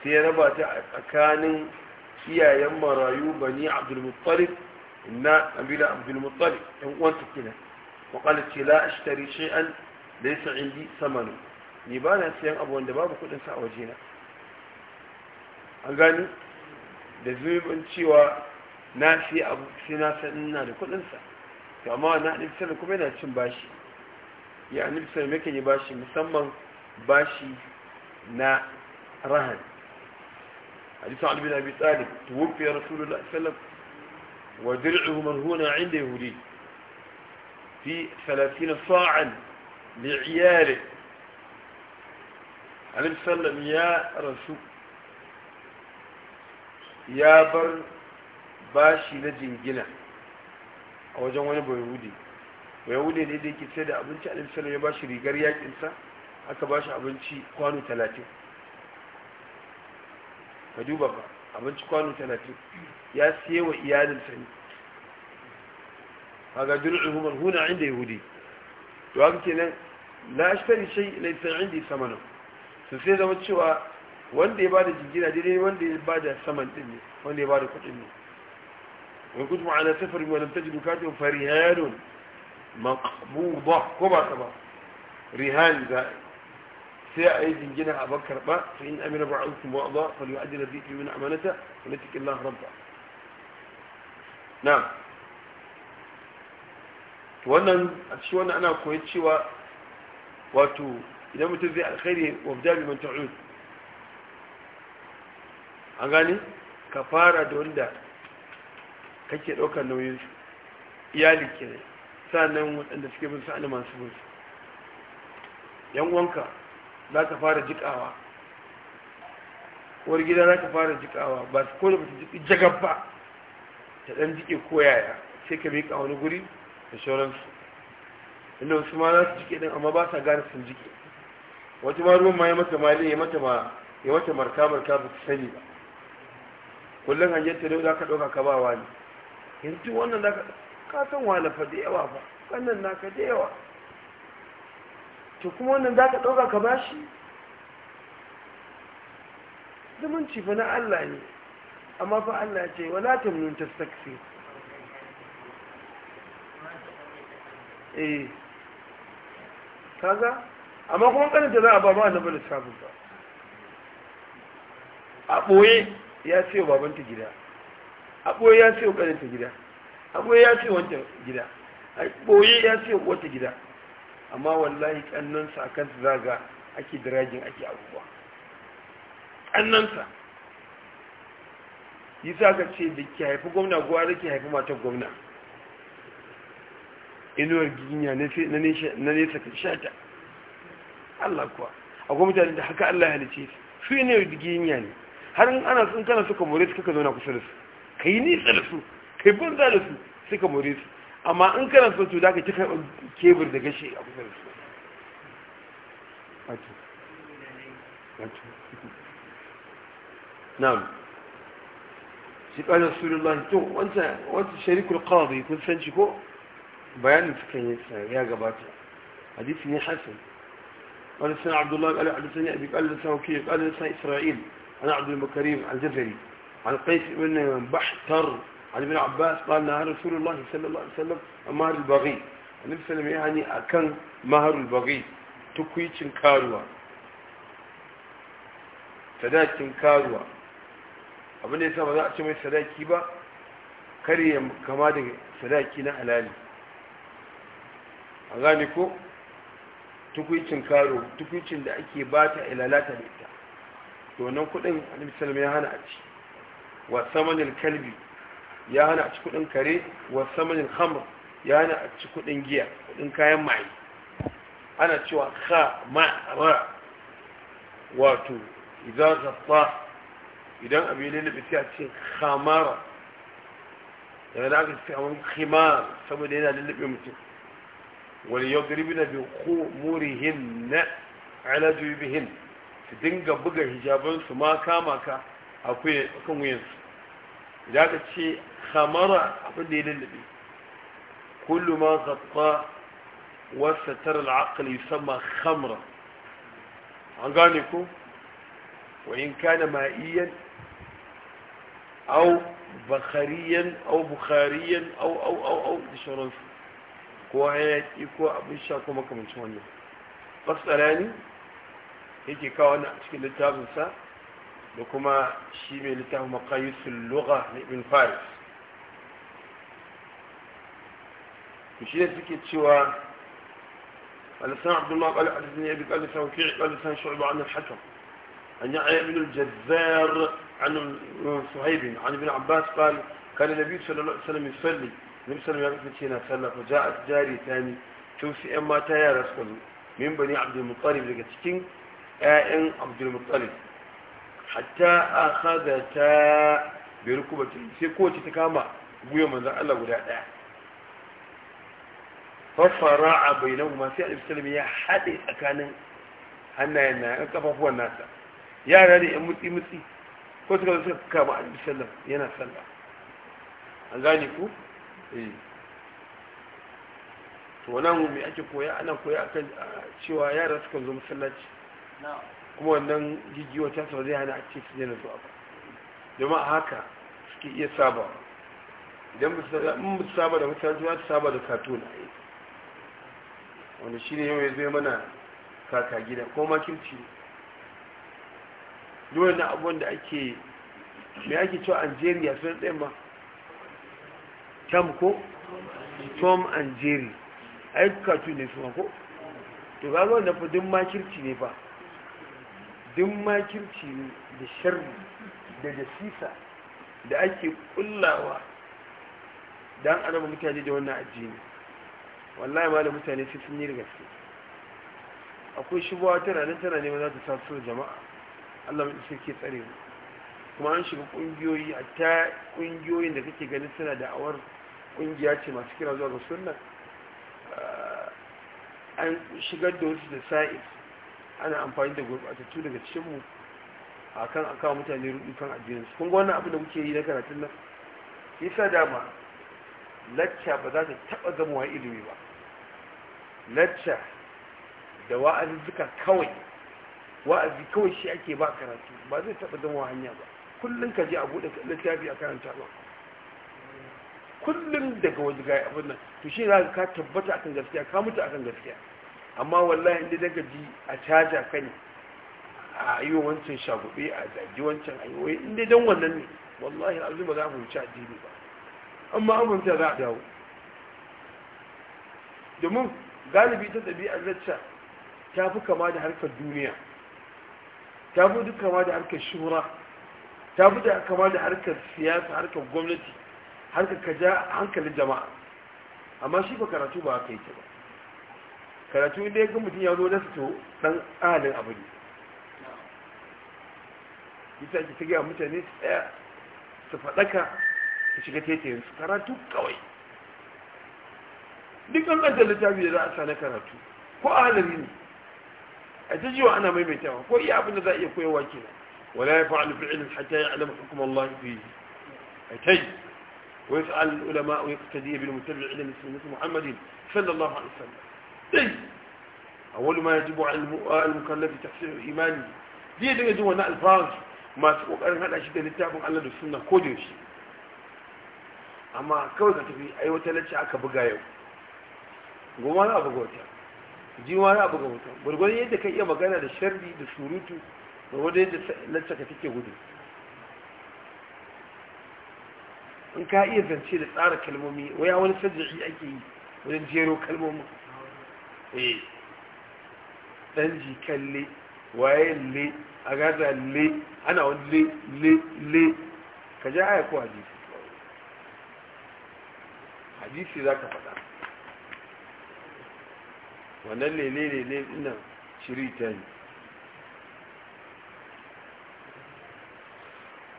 sai ya raba ta a tsakanin iyayen marayu bani abdulmuttalib na abila abdulmuttalib ɗan uwansa kenan shi لا أشتري شيئا ليس عندي samanu ni ba na siyan abu wanda babu kudin sa a wajena an gani da zubin cewa na fi abu sai na san ina da kudinsa to amma na nifisar kuma ina cin bashi ya nifisar mekan yi bashi musamman bashi na rahan hadisun albin abi talib ta wufi ya rasu lullu asalam wa dir'i humar huna inda yahudi fi salatina sa'an li'iyari a nifisar ya rasu ya bar bashi na jingina a wajen wani bayahudi bayahudi ne da yake sai da abinci alaihi salam ya bashi rigar yakinsa aka bashi abinci kwano talatin ka duba ba abinci kwano talatin ya siye wa iyalinsa ne a ga dir'ihum huna inda yahudi to haka kenan la na shay laysa indi samanan su sai zama cewa wanda ya bada jingina daidai wanda ya bada saman din ne wanda ya bada kudin ne wani kutu ma'ana safari wani tajidu katin farihanun maqbuda ko ba ta ba rihan za sai a yi jingina a ban karba fa in amina ba'ukum wa adha fal yu'addi alladhi fi min amanata wa la takilla rabba na'am to wannan a cikin wannan ana koyi cewa wato idan mutum zai alkhairi wa bida bi man ta'ud an gani ka fara da wanda kake ɗaukar nauyin su iyali ke ne sa'annan waɗanda suke bin sa'ani masu bin su yan wanka za ka fara jikawa wani gida za ka fara jikawa ba su kone ba su jiki jagab ba ta ɗan jiƙe koyaya sai ka mika wani guri da sauransu inda wasu ma za su jike ɗin amma ba sa gane sun jike wata ma ruwan ma ya mata mali ya mata marka marka ba su sani ba kullum hanyar ta za ka ɗauka ka ba wani yanzu wannan za ka san walafa da yawa ba wannan ka da yawa to kuma wannan za ka ɗauka ka ba shi zumunci fa na Allah ne amma fa Allah ce wala tamnun tastakfi eh kaga amma kuma kanin da za a ba ma annabi lissafin ba a ɓoye ya siyo babanta gida a ɓoye ya siyo ƙarinta gida a ɓoye ya siyo wancan gida a ɓoye ya siyo wata gida amma wallahi ƙannansa a kan zaga ake dirajin ake abubuwa ƙannansa yi sa ka ce da ke haifi gwamna guwa da ke haifi matan gwamna inuwar ginya na nesa ka shata Allah kuwa a mutane da haka Allah ya halice su inuwar ginya ne har in ana sun kana suka more su kaka zauna kusa da su ka yi nisa da su ka yi banza da su suka more su amma in kana so to za ka ci karɓar da gashi a kusa da su na'am shi ƙwarar surullahi to wata sharikul qadi kun san shi ko bayanin cikin yasa ya gabata hadisi ne hasan قال سنة عبد الله قال حدثني أبي قال لسان وكيل قال لسان عن عبد المكريم عن زفري عن قيس بن بحتر عن ابن عباس قال نهى رسول الله صلى الله عليه وسلم مهر البغي النبي صلى الله عليه وسلم يعني أكن مهر البغي تكويتشن كاروا sadakin karuwa abin da ya ba za a ce mai sadaki ba kare ya kama da sadaki na halali a gane ko tukwicin karo tukwicin da ake ba ta ilalata da ita to wannan kudin annabi sallallahu ya hana a ci wa samanin kalbi ya hana a ci kudin kare wa samanin khamr ya hana a ci kudin giya kudin kayan maye ana cewa kha ma ra wato idan zafa idan abu ya lalabe sai a ce khamara Da da aka ce amin wani khimar saboda yana lalabe mutum wani yau garibi na ko murihin na ala jubihin su dinga buga hijabansu ma kama ka a kan wuyansu idan aka ce hamara abin da ya lullube kullu ma zaɓa wasa tara al'akali sama hamara an gane ku? wa in kana ma'iyan au bakariyan au bukariyan au au au au da shawararsu ko hayaki ko abin sha ko makamancin wannan tsara ne yake kawo wannan a cikin littafinsa da kuma shi mai littafin makayisul lugha na ibn faris ku shi ne suke cewa alisan abdullah qala hadathani abi qala sa waki qala sa shu'ba an al-hakam an ya'a ibn al-jazzar an suhayb an ibn abbas qala كان nabi sallallahu alaihi wasallam وسلم nabi sallallahu alaihi wasallam عليه وسلم يقول صلى فجاءت جاري ثاني توفي أما تيا رسول من بني عبد المطلب لقد تكين 'ya'yan abdulmuttalib hatta a haza ta biyar kubatun sai kowace ta kama guyar manzan Allah guda ɗaya farfara a bainan kuma sai alifisalmi ya haɗe tsakanin hannayen na yan kafafuwan nasa yara ne yan mutsi-mutsi ko suka suka kama alifisalmi yana sallah an gani ku? to nan mai ake koya ana koya akan cewa yara suka zo masallaci kuma wannan jijiyo ta sau zai hana a ce su daina zuwa ba domin haka suke iya saba idan ba su saba da mutane zuwa su saba da katuna wanda shi ne yau ya zai mana kaka gida ko makirci yau na abuwan da ake mai ake cewa algeria sun ɗaya ba tam ko tom and A yi katun ne su ko to ga wanda fudin makirci ne ba duk makirci ne da sharri da jasisa da ake kullawa don anaba mutane da wannan addini wallahi ma da mutane sai sun yi da gaske akwai shubuwa tana nan tana neman za ta taso jama'a allah mai isa ke tsare mu kuma an shiga kungiyoyi a ta kungiyoyin da kake ganin suna da awar kungiya ce masu kira zuwa ga sunna eh, an shigar da wasu da sa'is ana amfani da gurbatattu daga cikinmu a kan akawo mutane rudu kan addininsu kun ga wannan abin da muke yi na karatun nan shi sa dama lacca ba za ta taɓa wa ilimi ba lacca da wa'azuzzuka kawai wa'azi kawai shi ake ba karatu ba zai taɓa wa hanya ba kullum ka je a buɗe littafi a karanta ba kullum daga wajen gaya abin nan to shi za ka tabbata akan gaskiya ka mutu akan gaskiya amma wallahi inda daga ji a caja ka ne a yi wancan shagube a zagi wancan ayyawai inda don wannan ne wallahi azu ba za mu wuce addini ba amma amince za a dawo domin galibi ta ɗabi'ar lacca ta fi kama da harkar duniya ta fi duk kama da harkar shura ta fi da kama da harkar siyasa harkar gwamnati harkar kaja hankalin jama'a amma shi ba karatu ba haka ta ba karatu inda ya mutum ya zo na su dan a abu ne bisa ki mutane su tsaya su faɗaka su shiga tetayen su karatu kawai duk an ƙasar littafi da za a sa karatu ko ahalari ne a ta jiwa ana maimaitawa ko iya abin da za a iya koyarwa wala ya fa'alu fi'ilin hatta ya alama hukum Allah fi a awwalu ma ya yajibu al ta tahsinu imani zai daga jin wani alfahari masu ƙoƙarin haɗa shi da littafin Allah da suna ko da yaushe amma kawai ka tafi a yi wata lacce aka buga yau goma na a buga wata jima na a buga wata gwargwadon yadda ka iya magana da sharri da surutu gwargwadon yadda lacce ka take gudu in ka iya zance da tsara kalmomi waya wani sajjaci ake yi wajen jero kalmomi. eh dan jikalle waye le a gaza le ana wani le le le ka ji aya ko hadisi hadisi za ka faɗa wannan lele lele ina shiri ta ne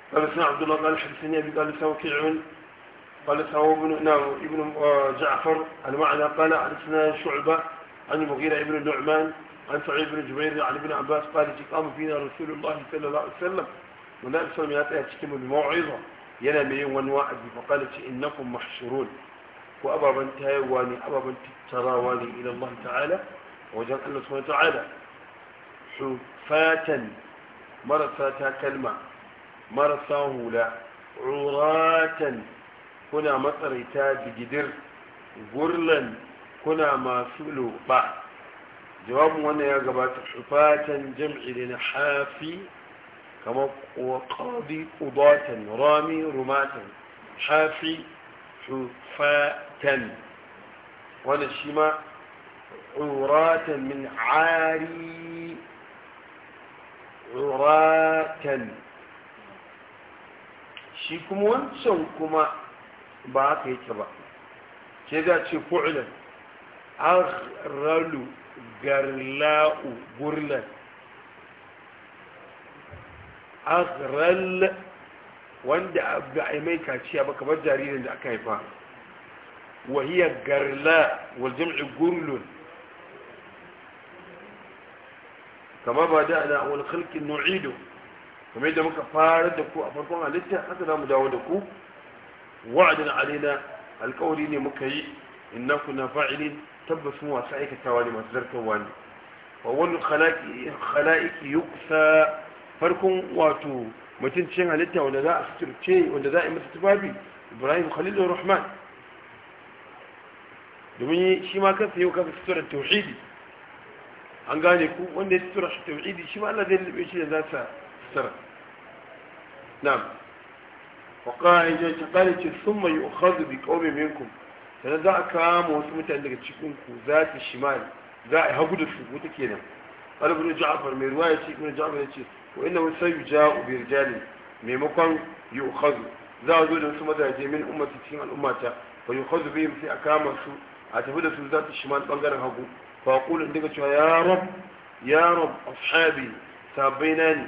قال سنا عبد الله قال حدثني ابي قال سوكيع قال سوى بن ابن جعفر المعنى قال حدثنا شعبه عن المغيرة بن النعمان عن سعيد بن جبير عن ابن عباس قال قام فينا رسول الله صلى الله عليه وسلم ونال يأتي تشتم بموعظة ينامي ونواعد فقالت إنكم محشرون وأبا بنت هيواني أبا بنت تراواني إلى الله تعالى وجل الله سبحانه وتعالى حفاة مرساتها كلمة مرساه لا عراة هنا مطرتا بجدر غرلا kuna masu loba jawabin wannan ya gabata shufatan jam'i da na hafi kamar ƙwaƙaɗi ƙudatan rami rumatan hafi shufatan wanda shima ma uratan min ari uratan shi kuma wancan kuma ba haka yake ba ke za ce fu'ilan aghralu garla'u gurlan aghral wanda abu a mai kaciya ba kamar jaririn da aka haifa wahiyar garla wal jam'i gurlun kama ba da ana wani halkin nu'ido kamar yadda muka fara da ku a farkon halittar haka za mu dawo da ku wa'adin alina alkawari ne muka yi inna kuna fa'ilin tabbas mu masu aikatawa ne masu zartarwa ne wa wani khala'iki yuksa farkon wato mutuncin halitta wanda za a suturce wanda za a yi masa tufafi ibrahim khalilur rahman domin shi ma kansa yau kansa suturar tauhidi an gane ku wanda ya sutura shi tauhidi shi ma Allah zai lube shi da za ta sutura na'am wa qa'ida ta qala ce summa yu'khadhu bi qawmin minkum sannan za a kama wasu mutane daga cikin ku za ta shimali za a yi hagu da su wuta kenan wani bin ja'afar mai ruwa ya ce ibn ja'afar ya ce ko ina wasu sayu ja'u bi rijali maimakon yi ukhazu za a zo da wasu mazaje min ummati cikin al'ummata fa yi ukhazu bihim sai a kama su a tafi da su za ta shimali bangaren hagu fa qulu in daga cewa ya rab ya rab ashabi sabaina ni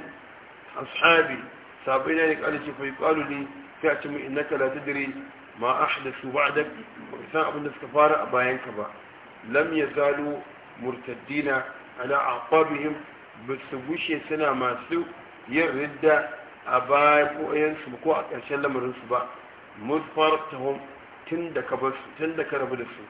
ashabi sabaina ni kalle ce fa yuqalu li sai a ce mu innaka la tadri ma ahdathu ba'dak ba san abin da suka fara a bayan ka ba lam yazalu murtaddina ala aqabihim ba su gushe suna masu yin ridda a bayan ko a ƙarshen lamarinsu ba mudfar tahum tun da ka rabu da su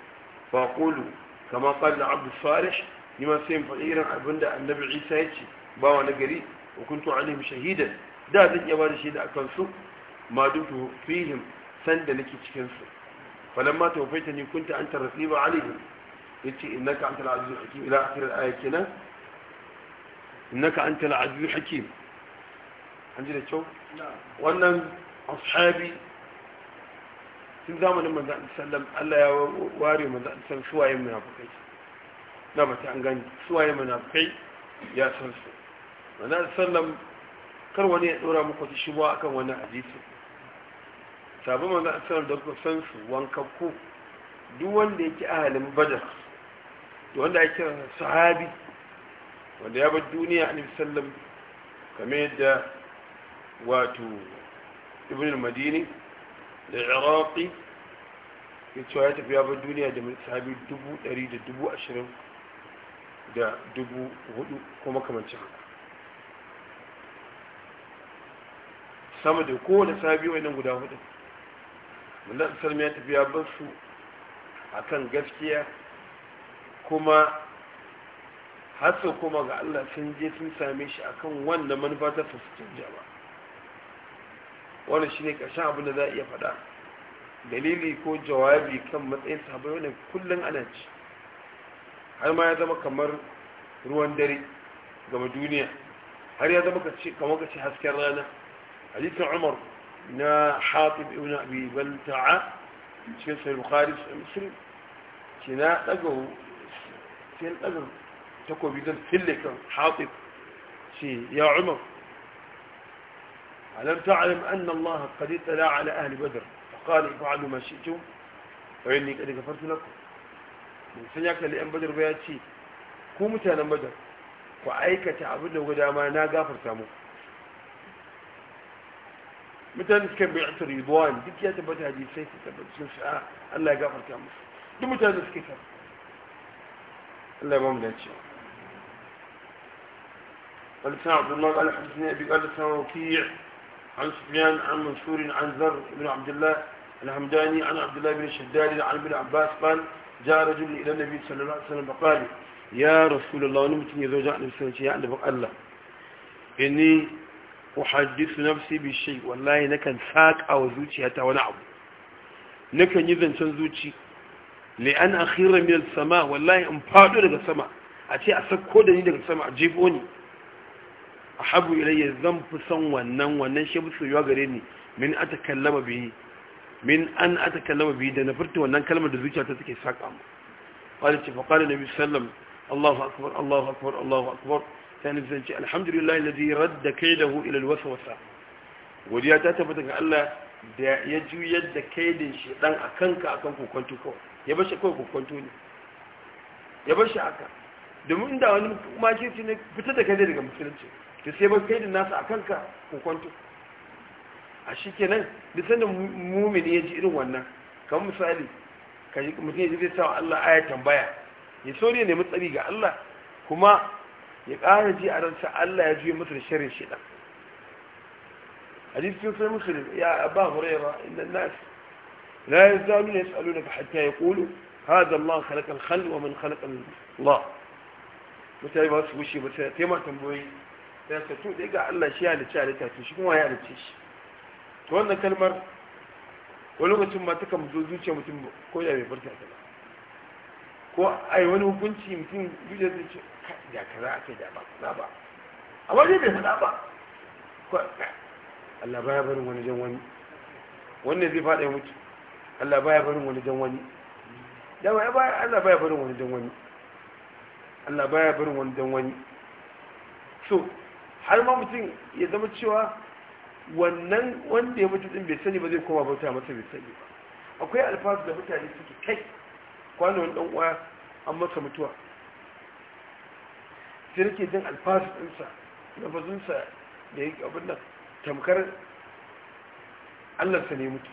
faƙulu kama ƙalla abu farish ni ma sai faɗi irin abin da annabi isa ya ce ba nagari gari hukuntu alim shahidan da zan iya ba da shi da akan su ma dutu fihim san da nake cikin su falamma tawfaita ni kunta anta rasiba alaihim yace innaka antal azizul hakim ila akhir al-aya kenan innaka antal azizul hakim an ji da kyau wannan ashabi sun zamanin manzo sallam Allah ya ware manzo sallam suwaye munafikai na ba ta an gani suwaye munafikai ya san su manzo sallam kar wani ya dora muku shi shubha akan wannan hadisi sabon manzo sanar da kuka san su ku. duk wanda yake ahalin badar da wanda ake kira sahabi wanda ya bar duniya a sallam kame da wato ibn al-madini da iraqi ya cewa ya tafi ya bar duniya da sahabi dubu ɗari da dubu ashirin da dubu hudu kuma kamancin haka sama da kowane sahabi nan guda hudu manzon sallallahu ya tafi ya bar su akan gaskiya kuma har su kuma ga Allah sun je sun same shi akan wannan manufa ta su canja ba wannan shine ƙarshen abin da za a iya faɗa dalili ko jawabi kan matsayin sahabai wani kullum ana ci har ma ya zama kamar ruwan dare gama duniya har ya zama kamar kace hasken rana hadisin umar نا حاطب ابن أبي بلتعة شكل سيد البخاري مصري شنا لقوا شين لقوا تقوا بيدن سلك حاطب شي يا عمر ألم تعلم أن الله قد اطلع على أهل بدر فقال افعلوا ما شئتم وإني قد غفرت لكم من سنعك لأن بدر بياتي كم تانا بدر وأيك تعبد لو قد أمانا غافر تاموك متان سكن bai'atar ضوان duk يا tabbata هذه سيف tabbata sun sha'a Allah ya gafarta musu duk mutane suka yi قال سمع عبد الله قال حدثني ابي قال سمع وكيع عن سفيان عن منصور عن ذر بن عبد الله الحمداني عن عبد الله بن الشداد عن ابن عباس قال جاء رجل الى النبي صلى الله عليه وسلم فقال يا رسول الله نمتني زوجة النبي صلى الله عليه وسلم الله إني uhaddisu nafsi bi shay wallahi nakan saka wa zuciyata wani abu nakan yi zancen zuci li an akhira min sama wallahi in fado daga sama a ce a sako da ni daga sama a jefo ni ahabu ilayya zan fi son wannan wannan shi bi soyuwa gare ni min atakallama bihi min an atakallama bihi da na furta wannan kalmar da zuciyata take saka mu قالت فقال النبي صلى الله عليه وسلم الله أكبر الله أكبر الله أكبر sai na zance alhamdulillah alladhi radda kaidahu ila alwaswasa godiya ta tabbata ga Allah da ya juyar da kaidin shi dan akan ka akan kokonto ko ya bar shi kawai kokonto ne ya bar shi aka domin da wani makirci ne fitar da kaidin daga musulunci to sai bar kaidin nasa akan ka kokonto a shi da sanin sanda ya ji irin wannan kamar misali mutum ya ji zai sa Allah aya tambaya ya so ne nemi tsari ga Allah kuma ya ƙara ji a ransa Allah ya juye mutu da shirin shi ɗan hadis cikin sai musulun ya ba hurera inda nasi na ya zanu ne tsalo daga hatta ya ƙulu hada Allah khalaƙal khal wa min halakan Allah mutane ba su wuce ba sai yi ma tambayoyi ta yasa tun ɗaya ga Allah shi ya a halitta to shi kuma ya halicce shi to wannan kalmar wani lokacin ma ta kan zo zuciya mutum ko da bai furta ta ba ko yi wani hukunci mutum duk zai ce da kaza aka da ba kaza ba a waje bai faɗa ba Allah baya barin wani jan wani wannan zai faɗa ya mutu Allah baya barin wani jan wani dama ya baya Allah baya barin wani jan wani Allah baya barin wani jan wani so har ma mutum ya zama cewa wannan wanda ya mutu din bai sani ba zai koma bauta masa bai sani ba akwai alfasu da mutane suke kai kwanon wani ɗan'uwa an masa mutuwa sai nake jin alfasu ɗinsa bazunsa da ya abin nan tamkar allarsa ne mutu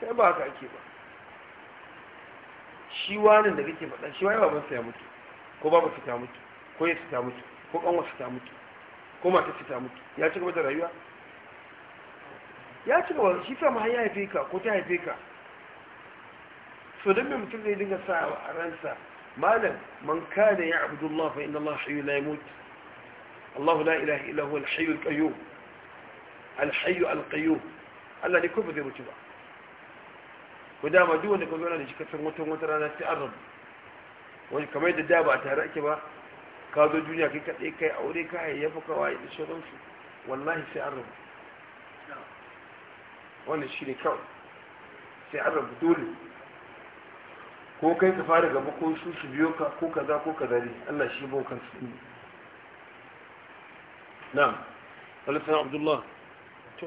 sai ba haka ake ba shi wani da kake faɗa shi wani babansa ya mutu ko babansa ta mutu ko ya ta mutu ko ƙanwarsa ta mutu ko mata ta mutu ya ci gaba da rayuwa ya ci gaba shi sa ma ya haife ka ko ta haife ka to don mai mutum zai dinga sa a ransa malam man kada ya abdullah fa inna Allah hayyu la yamut Allah la ilaha illa Alhayu al-hayyu al Allah ne kuma zai mutu ba Ku dama duk wanda ka zauna da shi kasar wata wata rana sai an rabu wani kamar yadda da ba a tare ake ba ka zo duniya kai kaɗai kai aure ka hayayyafa kawai da shirinsu. wallahi sai an rabu wannan shi ne kawai sai an rabu dole ko kai ka fara gaba ko su su biyo ka ko kaza ko kaza ne Allah shi bo kan su na'am Allah alifan abdullah to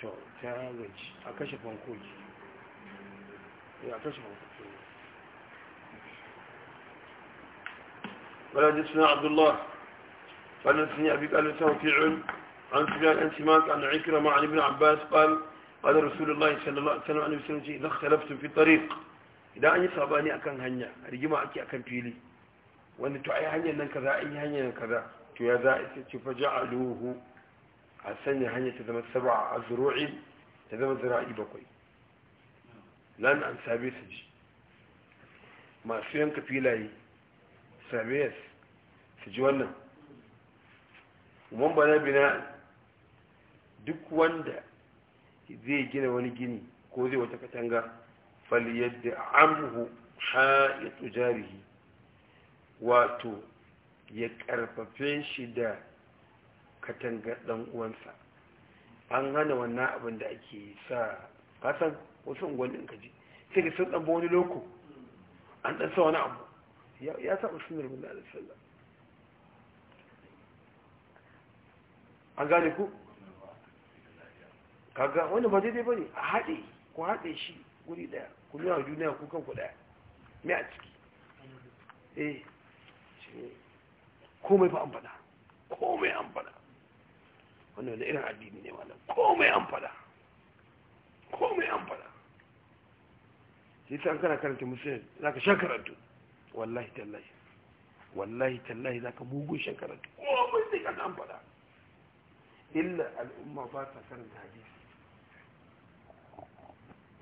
to ta gaji a kashe fankoki ya kashe fankoki ولا جسنا عبد الله قال سني أبي قال سوى في عن سفيان عن سماك عن عكرمة عن ابن عباس قال قال رسول الله صلى الله عليه وسلم عليه وسلم إذا اختلفتم في الطريق إذا أني صاباني أكن هنيا رجما أكي أكن فيلي وأن تعي هنيا أن كذا أي هنيا كذا تو يا فجعلوه عسني هنيا تذم السبع الزروع تذم الزراعي بقوي لن أن سابي سجي ما سيان كفيلاي سابيس سجوانا ومن بنا بناء duk wanda zai gina wani gini ko zai wata katanga fal yadda amhu ha'itu jarihi wato ya karfafe shi da katanga dan uwansa an hana wannan abin da ake sa kasan wasu ungwannin kaji sai ka sun ɗan wani loko an ɗan sa wani abu ya taɓa sunar bin alisallah an gane ku kaga wani ba daidai ba ne a haɗe ku haɗe shi guri ɗaya ku nuna duniya ku kanku ɗaya mai a ciki eh komai ba an faɗa komai an faɗa wani wani irin addini ne wani komai an faɗa komai an faɗa sai ta an kana karanta musulun za ka shan karatu wallahi tallahi wallahi tallahi za ka mugun shan karatu komai sai ka an faɗa illa al'umma ba ta karanta hadisi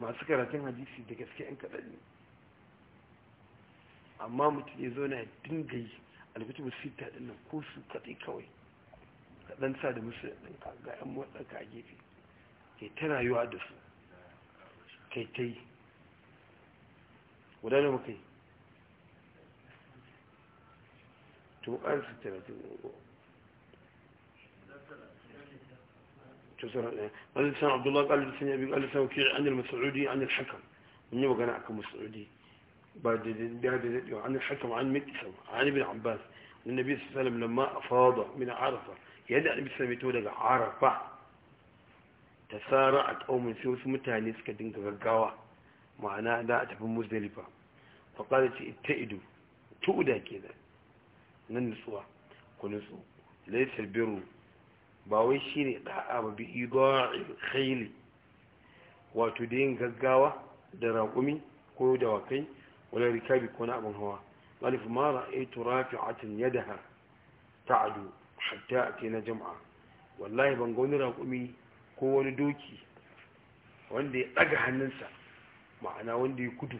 masu karatun hadisi da gaske yan kaɗan ne amma mutum ya zo na dinga yi musu sita ɗin nan ko su kaɗai kawai kaɗan sa da musu ɗinka ga yan waɗanka a gefe kai ta rayuwa da su kai ta yi guda ne yi to an su talatin قال لسان عبد الله قال لسان أبي قال لسان وكيع عن المسعودي عن الحكم من يبقى نعكم مسعودي بعد بعد عن الحكم عن مكسم عن ابن عباس النبي صلى الله عليه وسلم لما أفاض من عرفة يدع النبي صلى الله عليه وسلم عرفة تسارعت أو من سوس متانيس كدنك غقاوة معناه لا تفهم مزدلفة فقالت اتئدوا تؤدى كذا ننسوا كنسوا ليس البر ba wai shi ne ɗa'a ba bi ido'il khaili wato da yin gaggawa da rakumi ko da wakai wani rikabi ko na abin hawa alif atin ra'aytu har ta adu hatta na jama'a wallahi ban ga wani raƙumi ko wani doki wanda ya ɗaga hannunsa ma'ana wanda ya gudu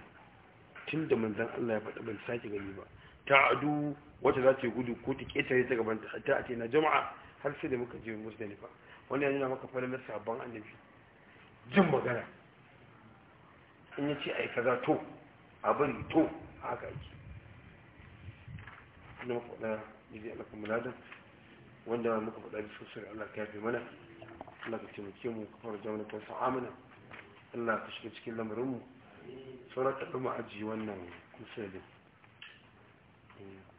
tun da manzan Allah ya faɗa ban sake gani ba ta adu wata za ta gudu ko ta ƙetare ta gaban ta hatta na jama'a har sai da muka je musdalifa wani ya yana maka falalar sabon annabi jin magana in ya ce a yi kaza to a bari to a haka aiki wanda muka faɗa zai alaƙa muladan wanda muka faɗa da sosai Allah ka yafe mana Allah ka taimake mu ka fara jami'a ta sa Amina Allah ka shiga cikin lamarinmu sauran ka ɗuma aji wannan musulun eh.